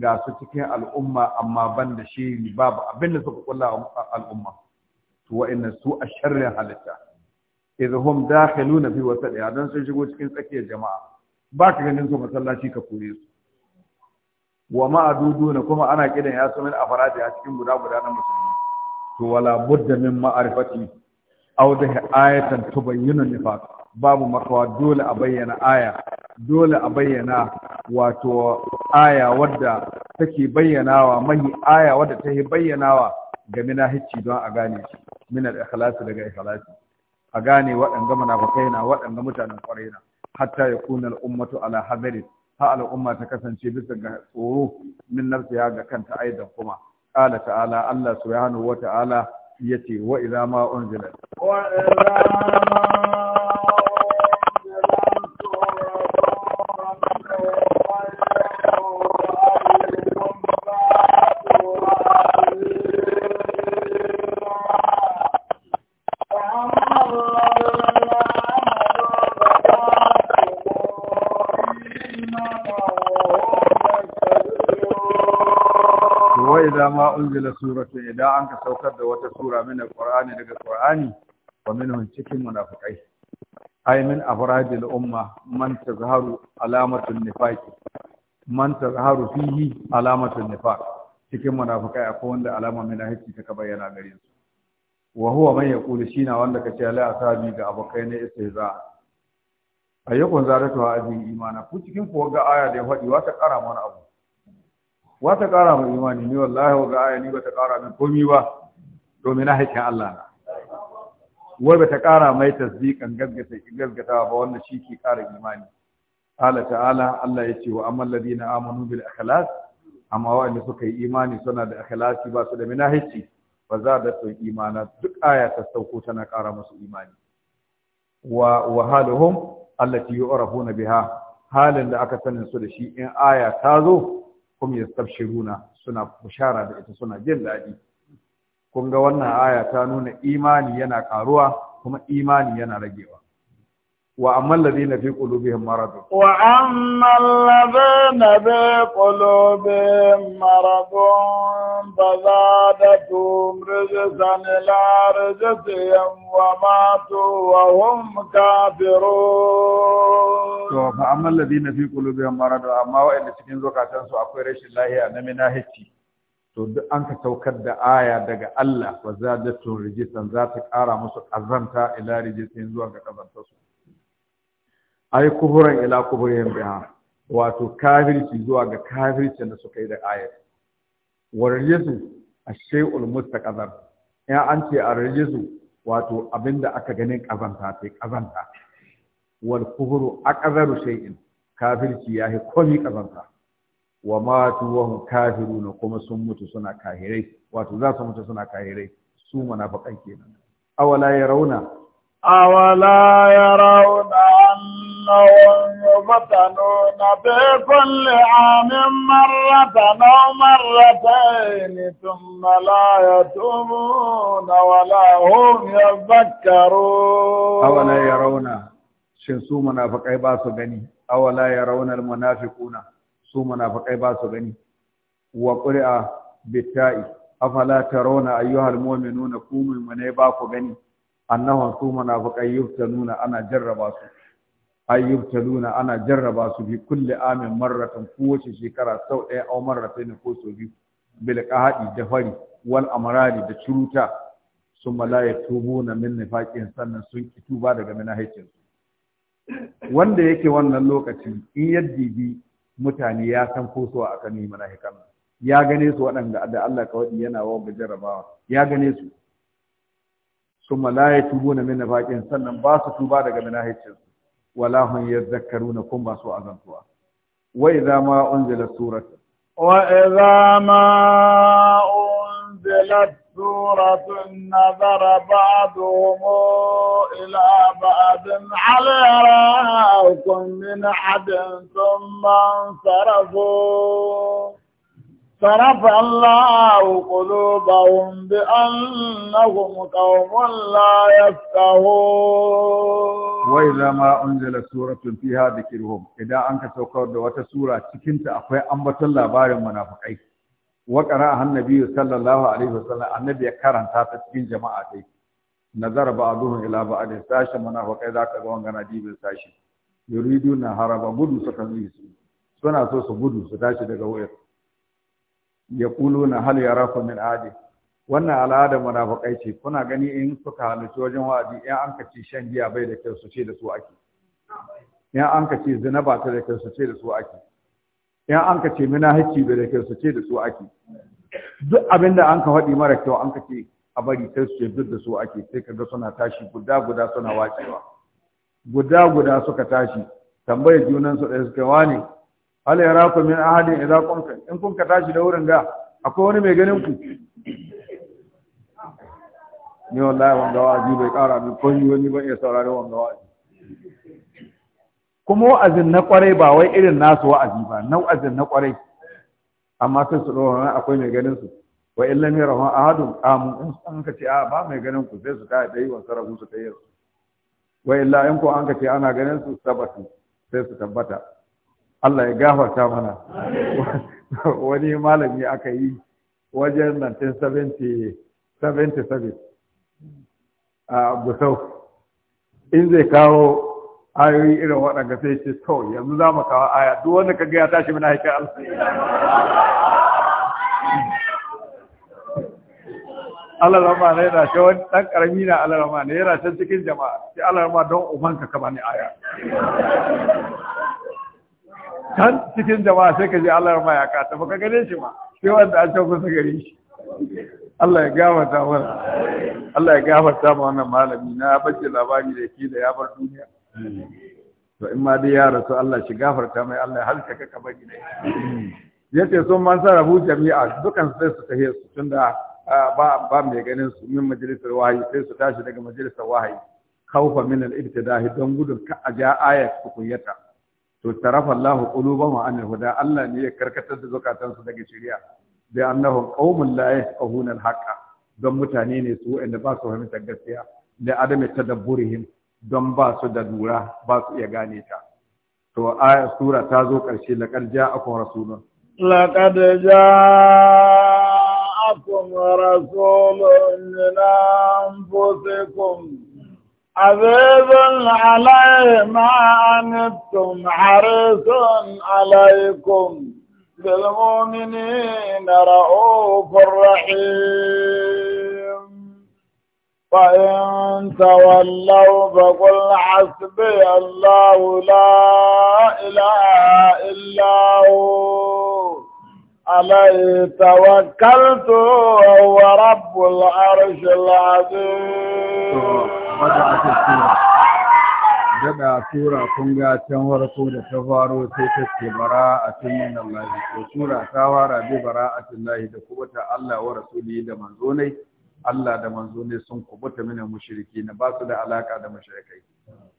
ga su cikin al'umma amma ban da shiri babu abin da suka kulla al'umma to wa'annan su a sharrin halitta idhum dakhiluna fi ɗaya dan sun shigo cikin tsakiyar jama'a ba ka ganin su masallaci ka kore su wa ma'aduduna kuma ana kidan ya su min a cikin guda guda na musulmi to wala budda min ma'arifati auda ayatan tubayyinu nifaq babu makawa dole a bayyana aya dole a bayyana wato aya wadda take bayyanawa mahi aya wadda take bayyanawa ga minahici don a gane shi minar ikhlasi daga ikhlasi a gane waɗanga munafikai na waɗanga mutanen kwarai hatta ya kunal ummatu ala hadarin al'umma ta kasance bisa ga tsoro min nafsiya ga kanta aidan kuma qala ta'ala Allah subhanahu wa ta'ala yace wa idza ma unzila wa idza ma ma unzila suratun idan an ka saukar da wata sura min alqur'ani daga qur'ani wa minhum cikin munafiqai ay min afradil umma man tazharu alamatun nifaq man tazharu fihi alamatun nifaq cikin munafiqai akwai wanda alama munafiki ta bayyana gare su wa huwa man yaqulu shina wanda kace la asabi ga abokai ne istihza ayyukun zaratu ajin imana ku cikin kuwa ga aya da ya faɗi wata ƙara mana abu wata ƙara mai imani ni wallahi wa ga ayani ba ƙara min komi ba domin na Allah na wai ba ta ƙara mai tasdiƙan gaggata gaggatawa ba wannan shi ke ƙara imani Allah ta'ala Allah ya ce wa amman ladina amanu bil ikhlas amma wa'anda suka yi imani suna da ikhlasi ba su da minahici ba za da imana duk aya ta sauko tana ƙara musu imani wa wa haluhum allati yu'rafuna biha halin da aka sanin su da shi in aya ta zo kuma yastabshiruna suna bushara da ita suna jin daɗi kun ga wannan aya ta nuna imani yana ƙaruwa kuma imani yana ragewa wa amman ladina fi qulubihim marad wa amman ladina fi qulubihim marad bazadatum rizqan la rizqan wa matu wa hum kafirun to fa amman ladina fi qulubihim marad amma wa cikin zukatan su akwai rashin lahiya na mina hici to duk an ka saukar da aya daga Allah wa zadatum rizqan za ta kara musu azanta ila rizqin zuwa ga kazantarsu ai kuburan ila kufurin biha wato kafirci zuwa ga kafirci da suka yi da ayat warjisu ashe shayul mustaqadar ya an ce a arjisu wato abinda aka ganin kazanta sai kazanta wal kufru aqdaru shay'in kafirci yi komi kazanta wa matu wa hum kafirun kuma sun mutu suna kahirai wato za su mutu suna kahirai su munafiqan kenan awala yarawna awala yarawna يمنعون يفتنون في كل عام مرة أو مرتين ثم لا يتوبون ولا هم يذكرون أولا يرون شنسو منافقي باسو بني يرون المنافقون su munafikai ba su gani wa ƙuri'a bitta'i afala tarawna ayyuhal mu'minuna kum mu'minai ba ku gani annahum su munafikai nuna, ana jarraba su ayyubtaluna ana jarraba su bi kulli amin marratan kowace shekara sau ɗaya au marratan ko sau biyu bil qahadi da fari wal amrari da Churuta sun malaya tubuna min nifaqin sannan sun ki tuba daga minahicin wanda yake wannan lokaci in yaddi bi mutane ya san ko so akan ni manahikan ya gane su waɗanda da Allah ka wadi yana wa ga jarrabawa ya gane su sun malaya tubuna min nifaqin sannan ba su tuba daga su ولا هم يذكرون كم باسوا أذنتوا وإذا ما أنزلت سورة وإذا ما أنزلت سورة نظر بعضهم إلى بعض على رأوكم من حد ثم انصرفوا فرفع الله قلوبهم بأنهم قوم لا يفقهون وإذا ما أنزل سورة فيها ذكرهم إذا أنك سوكر دوات سورة تكنت أخوي أنبت الله بار منافقين وقرأها النبي صلى الله عليه وسلم النبي كرن تاتت في جماعة دي. نظر بعضهم إلى بعض ساشا منافقين ذاك وانغنا جيب ساشا يريدون هربا بدو سكن سنة سوس بدو ستاشي دقوئر na hal rafa min adi wannan al'ada munafukai ce kuna gani in suka halarci wajen wa'azi in an kace shan giya bai da kyau su ce da su ake in an kace zina ba ta da kyau su ce da su ake in an kace munafici bai da kyau su ce da su ake duk abin da an ka faɗi mara kyau an ka kace a bari sai su ce duk da su ake sai ka ga suna tashi guda guda suna wacewa guda guda suka tashi tambayar junan su ɗaya suka wani hal yarakum min ahadin idza qumtum in kun ka tashi da wurin ga akwai wani mai ganin ku ni wallahi wanda wa'azi bai kara min koyi wani ban iya saurari wanda wa'azi kuma wa'azin na kwarai ba wai irin nasu wa'azi ba na wa'azin na kwarai amma sai su ɗora akwai mai ganin su wa in a yarahu ahadun am in an ka ce a ba mai ganin ku sai su kai dai wasu sarafu su kai wa illa in ko an ka ce ana ganin su sabatu sai su tabbata Allah ya gafarta mana wani malami aka yi wajen 1977 a busau in zai kawo ayoyi irin waɗanda sai ce to yanzu za mu kawo aya duk wanda ka gaya tashi mana haikin alsu Allah rama ne yana shi wani ɗan ƙarami na Allah rama ne yana can cikin jama'a sai Allah rama don ubanka kama ne aya kan cikin jama'a sai ka je Allah ya maya ka tafi ka gane shi ma sai wanda an can kusa gare shi Allah ya gafarta mana Allah ya gafarta ma wannan malami na bace labari da ke da ya bar duniya to in ma dai ya rasu Allah shi gafarta mai Allah ya halka ka bari dai yace sun man sarafu jami'a dukan sai su tafi su tunda ba ba mai ganin su min majalisar wahayi sai su tashi daga majalisar wahayi khawfa min al-ibtidahi don gudun ka aja ayat ku kunyata to tarafa Allahu qulubahum anil huda Allah ne ya karkatar da zakatansu daga shari'a bi annahun ƙaumin la a al-haqqa don mutane ne su wanda ba su fahimtar gaskiya da adami tadabburihim don ba su da lura ba su iya gane ta to a sura ta zo karshe laqad ja'akum rasulun laqad ja'akum rasulun min anfusikum حبيب علي ما أنتم حريص عليكم بالمؤمنين رؤوف رحيم فإن تولوا فقل حسبي الله لا إله إلا هو عليه توكلت وهو رب العرش العظيم wadda aka tura daga tura kunga can warko da ta faro sai ta ce bara a tunin lahi to tura ta fara bi bara a lahi da kubuta Allah wa rasuli da manzonai Allah da manzonai sun kubuta mina mushriki na ba su da alaka da mushrikai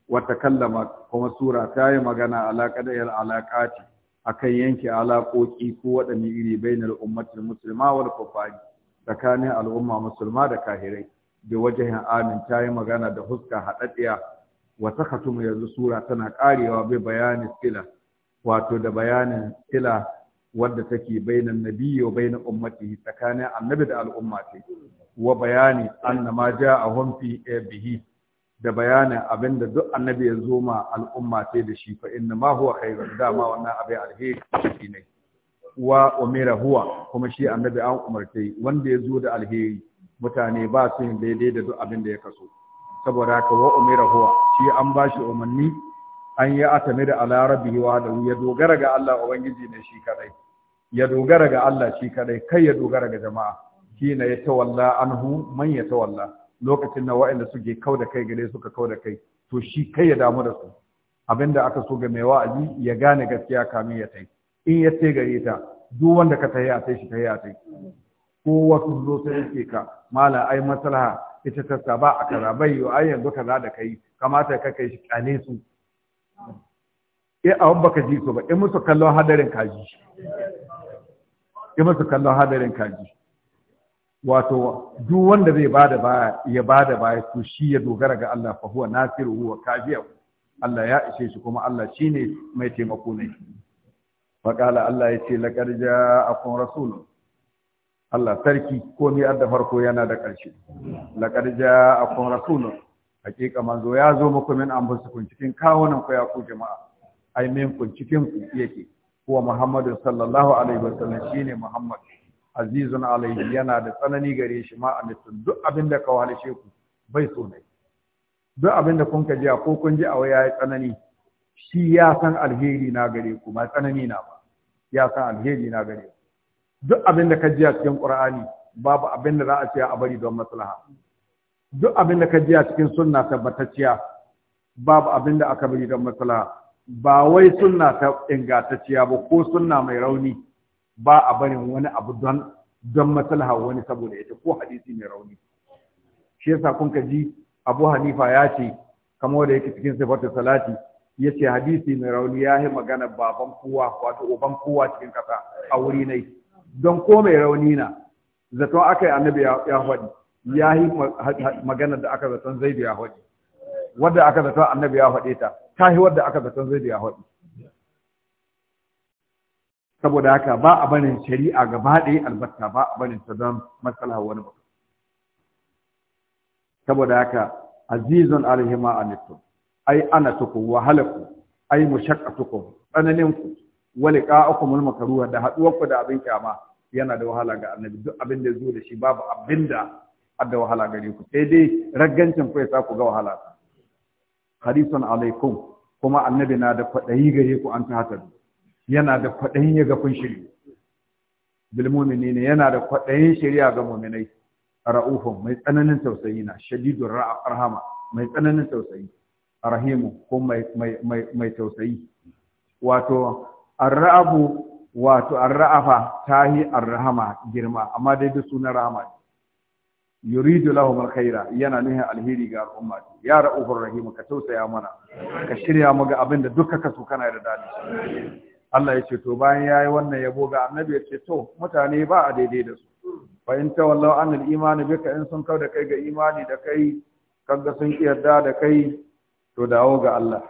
wata kallama kuma tura ta yi magana alaka da yal alakati akan yanke alaƙoƙi ko waɗanne iri bainar ummatul musulma wal kufari tsakanin al'umma musulma da kahirai bi wajhin amin ta yi magana da huska haɗaɗɗiya wa sakatum yanzu sura tana ƙarewa bai bayanin sila wato da bayanin sila wadda take bainan nabiyyi wa bainan ummati tsakanin annabi da al'umma ce wa bayani anna ma ja'ahum fi eh, bihi da bayanin abinda duk annabi ya zo ma al'umma ce da shi fa inna ma huwa khairun dama wannan abin alheri shi ne wa umira huwa kuma shi annabi an umarta wanda ya zo da alheri mutane ba su yin daidai da duk abin da ya kaso saboda haka wa umira huwa shi an ba shi umarni an yi atame da ala rabbi wa da ya dogara ga Allah ubangiji ne shi kadai ya dogara ga Allah shi kadai kai ya dogara ga jama'a ne ya tawalla anhu man ya tawalla lokacin na wa'anda suke kau da kai gare suka kau da kai to shi kai ya damu da su abinda aka so ga mai wa'azi ya gane gaskiya kamin ya tai in ya tai gare ta duk wanda ka tai a tai shi tai a tai kowa sun zo su yanke ka mala ai maslaha ita ta saba a kaza bai yi ai yanzu kaza da kai kamata ka kai shi kane su eh a wabba ka ji so ba in musu kallon hadarin kaji in musu kallon hadarin kaji wato duk wanda zai bada baya ya bada baya to shi ya dogara ga Allah fa huwa nasiru huwa kafiyu Allah ya ishe shi kuma Allah shine mai taimako ne fa qala Allah yace laqad ja'akum rasulun Allah sarki ko komai adda farko yana da ƙarshe laqad ja'akum rasulun hakika manzo ya zo muku min an anfusukum cikin kawunan ku ya ku jama'a ai min ku cikin ku yake kuwa Muhammadu sallallahu alaihi wasallam shine Muhammad azizun alaihi yana da tsanani gare shi ma duk abin ka walishe ku bai so ne duk abin da kun ka ji ko kun ji a waya ya tsanani shi ya san alheri na gare ku ba tsanani na ba ya san alheri na gare ku duk abin da ka ji a cikin qur'ani babu abin da za a a bari don maslaha duk abin da ka ji a cikin sunna tabbatacciya babu abin da aka bari don maslaha ba wai sunna ta ingantacciya ba ko sunna mai rauni ba a barin wani abu don don maslaha wani saboda ita ko hadisi mai rauni shi yasa kun ka ji Abu Hanifa ya ce kamar da yake cikin sifatu salati yace hadisi mai rauni ya yi magana baban kowa wato uban kowa cikin kasa a wuri nai don ko mai rauni na zaton aka yi annabi ya faɗi ya yi magana da aka zaton zai ya faɗi wadda aka zaton annabi ya faɗe ta ta yi wadda aka zaton zai ya faɗi saboda haka ba a barin shari'a gaba ɗaya albatta ba a barin ta don matsala wani ba saboda haka azizun alhima anittum ai ana tukun wahalaku ai mushaqqatukum tsananin ku wali ka'akumul ruwa da haduwar ku da abin kyama yana da wahala ga annabi duk abin da zo da shi babu abin da adda wahala gare ku sai dai raggancin ku ya ku ga wahala harisun alaikum kuma annabi na da kwaɗayi gare ku an ta yana da kwaɗayin ya ga kun shiri bil yana da kwaɗayin shari'a ga mu'minai ra'ufun mai tsananin tausayi na shadidur rahama mai tsananin tausayi rahimu ko mai tausayi wato arra'abu wato arra'afa yi arrahama girma amma dai da sunan rahama yuridu lahum alkhaira yana nuhin alheri ga al'umma ya ra'ufur rahim ka tausaya mana ka shirya mu ga abin da duka ka kana da dadi Allah ya ce to bayan yayi wannan yabo ga annabi ya ce to mutane ba a daidai da su fa in wallahu an al-imani bika in sun kauda kai ga imani da kai kaga sun yarda da kai to dawo ga Allah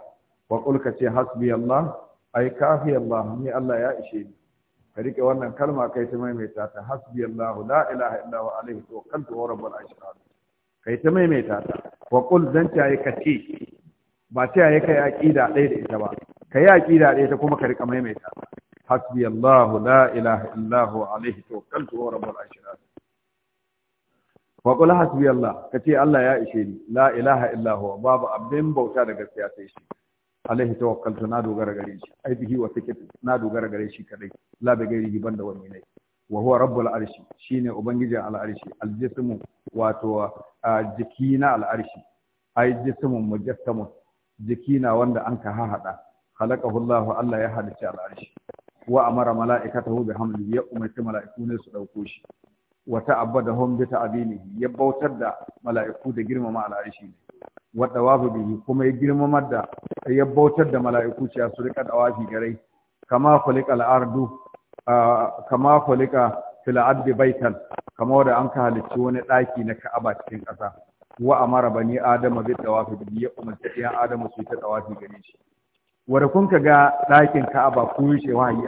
wa qul ka ce hasbi Allah ai kafi Allah ni Allah ya ishe ni ka rike wannan kalma kai ta maimaita ta hasbi Allah la ilaha illa huwa alaihi tawakkaltu wa rabbul alamin kai ta maimaita ta wa qul dan ta yi kace ba ta yi kai aqida ɗaya da ita ba kai aqida ɗaya ta kuma ka rika maimaita ta hasbi Allah la ilaha illa huwa alaihi tawakkaltu wa rabbul alamin wa qul hasbi Allah kace Allah ya ishe ni la ilaha illa huwa babu abin bauta da gaskiya sai shi alaihi tawakkaltu na dogara gare shi ai bihi wa fikatu na dogara gare shi kadai la bi gairi ban da wani ne wa huwa rabbul arshi shine ubangijin al'arshi aljismu wato jiki na al'arshi ai jiki na wanda an ka hahada khalaqahu Allah Allah ya halicci al'arshi wa amara mala'ikatahu bihamdi ya umarci mala'iku ne su dauko shi Wata wa ta'abbadahum bi ta'dilihi ya bautar da mala'iku da girmama al'arshi ne wa dawafu bihi kuma ya girmama da ya bautar da mala'iku cewa su rika dawafi garai kama khuliqa al kama khuliqa fil ardi baitan kama da an ka halicci wani daki na Ka'aba cikin ƙasa wa amara bani adama bi dawafi bihi ya umarta ya adama su ta dawafi gare shi wanda kun ka ga ɗakin Ka'aba ku yi shi wahayi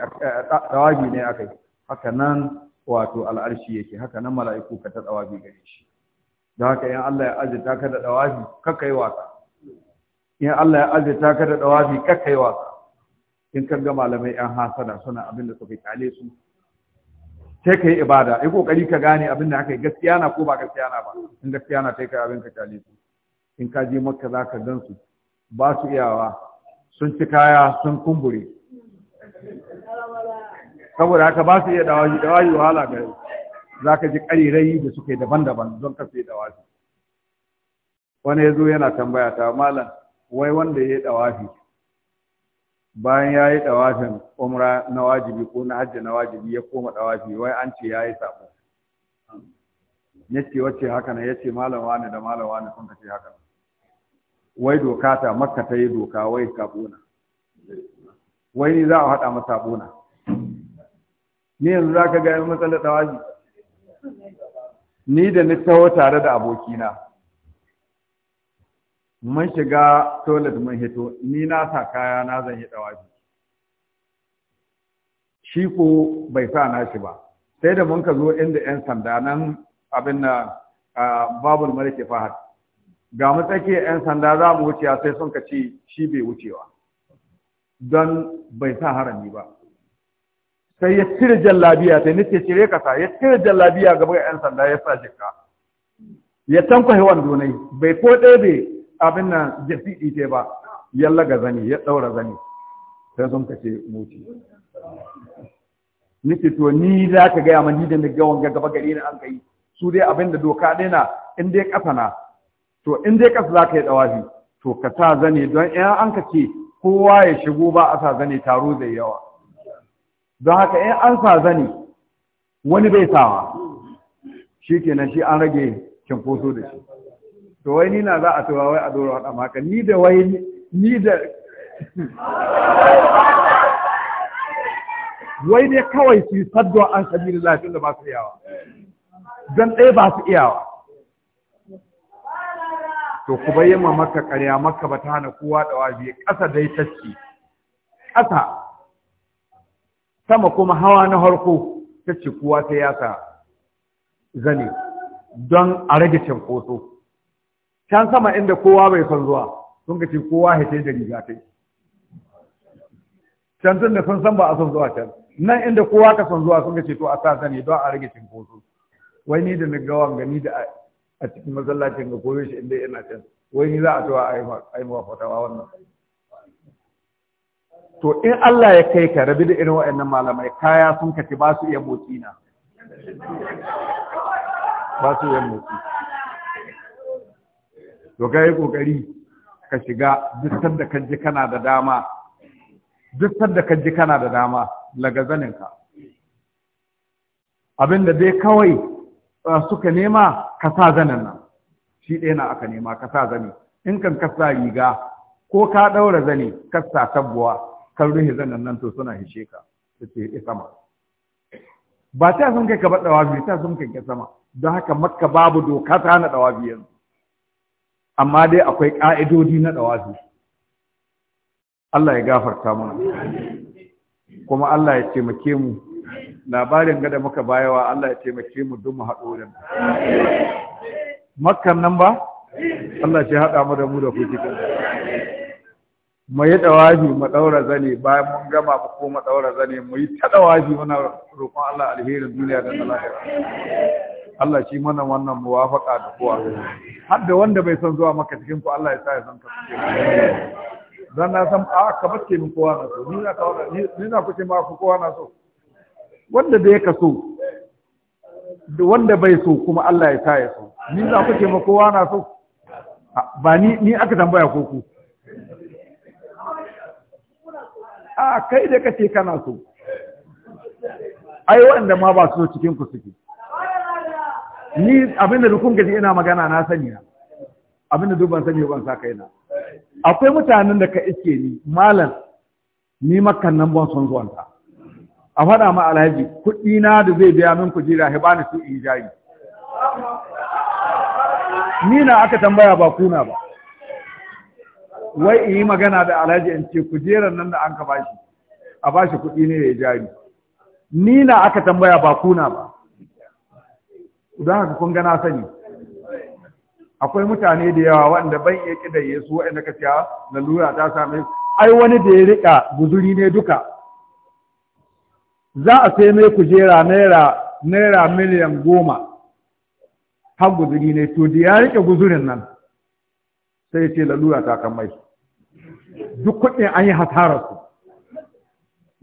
dawafi ne akai haka nan wato al'arshi yake haka nan mala'iku ka ta tsawafi gare shi don haka in Allah ya ta ka da tsawafi kakka yi wasa in Allah ya ta ka da tsawafi kakka yi wasa in kan ga malamai yan hasada suna abin da suka kyale su sai ka yi ibada yi kokari ka gane abin da aka yi gaskiya na ko ba gaskiya na ba in gaskiya na sai ka abin ka kyale su in ka je makka za ka gan su ba su iyawa sun ci kaya sun kumbure saboda haka ba su iya dawashi dawashi wahala yau. za ka ji karirai da suke daban-daban don ka sai dawashi wani ya zo yana tambaya ta malam wai wanda ya yi dawashi bayan ya yi dawashin umra na wajibi ko na hajji na wajibi ya koma dawashi wai an ce ya yi sabo ce wacce haka ne ce malam wani da malam wani sun ka ce haka wai doka ta makka ta yi doka wai sabona wai ni za a haɗa masa sabona ni yanzu za ka gani matsalar ɗawaji ni da ni taho tare da abokina mun shiga toilet mun hito ni na sa kaya na zan yi ɗawaji shi ko bai sa na shi ba sai da mun ka zo inda 'yan sanda nan abin na babul malike fahad ga matsakiyar 'yan sanda za mu wuce sai sun ka ci shi bai wucewa don bai sa harami ba sai ya cire jallabiya sai nake cire kasa ya cire jallabiya gaba ga 'yan sanda ya sa jikka ya tanko hewan donai bai ko ɗaya bai abin nan jafiɗi ce ba ya laga zani ya ɗaura zani sai sun kace muti nake to ni za ka gaya mani da gawan gaba gari na an kai su dai abin da doka ɗaya na in dai ƙasa na to in dai ƙasa za ka yi ɗawafi to ka sa zani, don in an kace kowa ya shigo ba a sa zani taro zai yawa don haka in an sa zani wani bai sawa shi kenan shi an rage cinkoso da shi to wai ni na za a tura wai a dora wada maka ni da wai ni da wai ne kawai su yi saddon an sabi da lafi da ba su iyawa don ɗaya ba su iyawa to ku bayyana maka karya maka ba ta hana kowa da wabi ƙasa dai tacci ƙasa sama kuma hawa na harko ta ce kuwa ta yasa zane don a rage cinkoso can sama inda kowa bai son zuwa sun ka ce kowa hete da riga ta can tun da sun san ba a son zuwa can nan inda kowa ka son zuwa sun ka ce to a sa zane don a rage cinkoso wai ni da na gawan gani da a cikin masallacin ga koyo shi inda yana can wai ni za a cewa a yi mafatawa wannan to in Allah ya kai ka rabi da irin wa'annan malamai kaya sun kace ba su iya motsi na ba su iya motsi to ga yi kokari ka shiga duk sanda ka ji kana da dama duk sanda ka ji kana da dama lagazaninka ka abinda dai kawai ah, suka nema ka sa zanen nan shi ɗaya na aka nema ka sa zane in kan ka sa riga ko ka ɗaura zane ka sa sabuwa kan ruhi zanen nan to suna hishe ka su ce eh, sama ba ta sun kai ka bar dawafi ta sun kai sama don haka makka babu doka ta na dawafi yanzu amma dai akwai ƙa'idodi na dawafi Allah ya gafarta mana kuma Allah ya taimake mu labarin gada muka bayawa Allah ya taimake mu duk mu haɗo da makkan nan ba Allah ya haɗa mu da mu da ku cikin mu yi dawafi mu daura zane bayan mun gama mu ko mu daura zane mu yi ta dawafi muna roƙon Allah alherin duniya da na lahira Allah shi mana wannan muwafaka da kowa har da wanda bai san zuwa maka cikin ku Allah ya sa ya san ka dan na san a ah, ka bace min kowa na so ni na ka ni na kuce ma ku kowa na so wanda da ka so wanda bai so kuma Allah ya sa ya so ni na kuce ma kowa na so ah, ba ni ni aka tambaya ko ku a kai da kace kana so ai wanda ma ba so cikin ku suke ni abinda dukun gaji ina magana na sani abinda duk ban sani ban sa kaina akwai mutanen da ka iske ni malam ni makan nan ban son zuwanta a faɗa ma alhaji kuɗi na da zai biya min kujera ya bani su in jari ni na aka tambaya ba kuna ba wai in yi magana da alhaji in ce kujerar nan da an ka bashi a bashi kuɗi ne ya jari ni na aka tambaya ba kuna ba don haka kun gana sani akwai mutane da yawa waɗanda ban iya kidaye su waɗanda ka ciya ah, lura ta same ai wani da ya riƙa guzuri ne duka za a sai mai kujera naira naira miliyan goma har guzuri ne to da ya riƙe guzurin nan sai ce lalura ta kamai duk kuɗin an yi hasarar su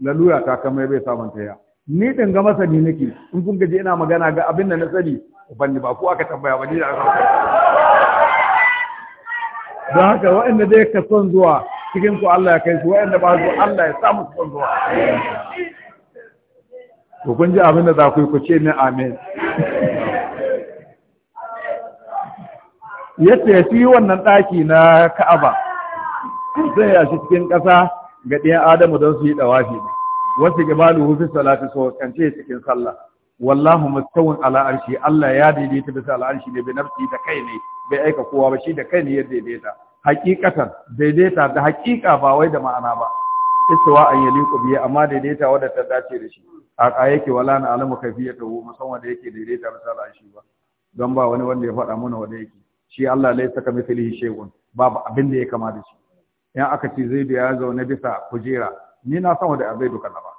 lalura ta kamai bai samun taya ni din ga masani nake in kun gaje ina magana ga abin da na sani ban ba ko aka tambaya ba ni da aka don haka waɗanda dai ka son zuwa cikin ku Allah ya kai su waɗanda ba su Allah ya samu son zuwa to kun ji abin da za ku yi ku ce ni amin yace ya fi wannan ɗaki na ka'aba zai yashi cikin ƙasa ga ɗiyan adamu don su yi fi ne wasu gimalu hufi salatu so kance cikin sallah wallahu mustawin ala Allah ya daidaita bisa ala arshi ne bi nafsi da kai ne bai aika kowa ba shi da kai ne ya daidaita hakikatan daidaita da hakika ba wai da ma'ana ba istiwa an amma daidaita wanda ta dace da shi a ka yake wala na alamu hu musamman da yake daidaita bisa ala arshi ba don ba wani wanda ya faɗa mana wanda yake shi Allah laisa ka mithlihi shay'un babu abin da ya kama da shi in aka ce zaidu ya zaune bisa kujera ni na san wanda zaidu kana ba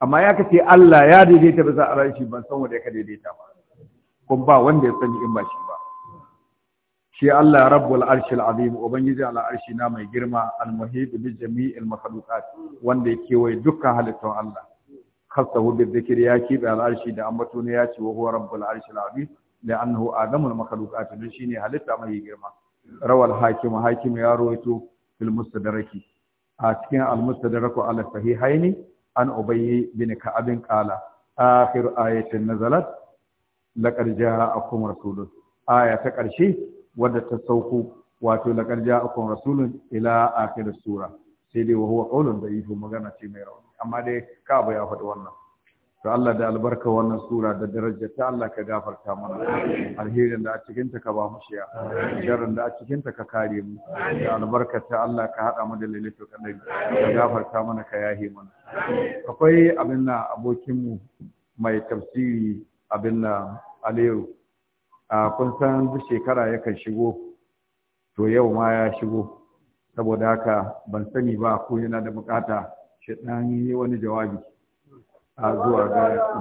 amma ya kace Allah ya daidaita a arashi ban san wanda ya ka daidaita ba kun ba wanda ya sani in ba shi ba shi Allah rabbul arshil azim ubangiji ala arshi na mai girma almuhib bi jami'il makhluqat wanda ya kewaye dukkan halittun Allah khassahu bi dhikri ya kibe al arshi da ambato ne ya ce wa huwa rabbul arshil azim da adamu adamul makhluqat dun shine halitta mai girma rawal hakim hakim ya rawaito fil daraki. a cikin al mustadraku al haini an ubayy bin ka'ab qala akhir ayatin nazalat laqad ja'akum rasulun aya ta karshe wadda ta sauko wato laqad ja'akum rasulun ila akhir sura sai dai wa huwa qawlun da'if magana ce mai rawa. amma dai ka ba ya faɗi wannan to Allah da albarka wannan sura da daraja ta Allah ka gafarta mana alherin da a cikin ta ka ba mu shiya sharrin da a cikin ta ka kare mu da albarka ta Allah ka hada mu da lailatul qadr ka gafarta mana ka yahi mana akwai abin na abokin mu mai tafsiri abin na Aliyu a kun san duk shekara yakan shigo to yau ma ya shigo saboda haka ban sani ba ko yana da bukata shi dan yi wani jawabi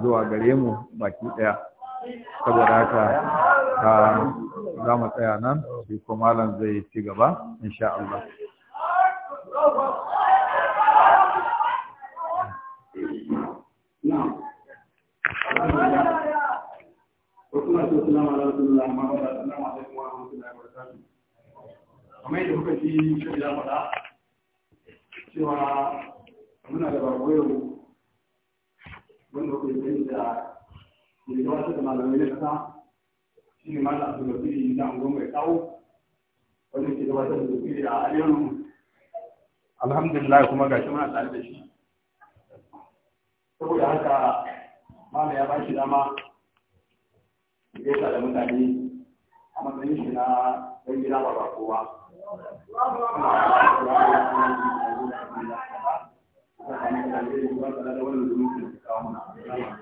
zuwa gare mu baki ɗaya saboda haka za mu tsaya nan sai ko malam zai ci gaba insha Allah kamar yadda kuka ci shi da faɗa cewa muna da bakwai wanda ku yi da ya gabatar da malamai na kasa shi ne malam abdulwaziri na ungon mai tsawo wanda ke gabatar da zafiri a arewa alhamdulillah kuma gashi muna tare da shi saboda haka malam ya ba shi dama ya sa da mutane a matsayin shi na ɗan gida ba kowa. da Allah ya kawo mana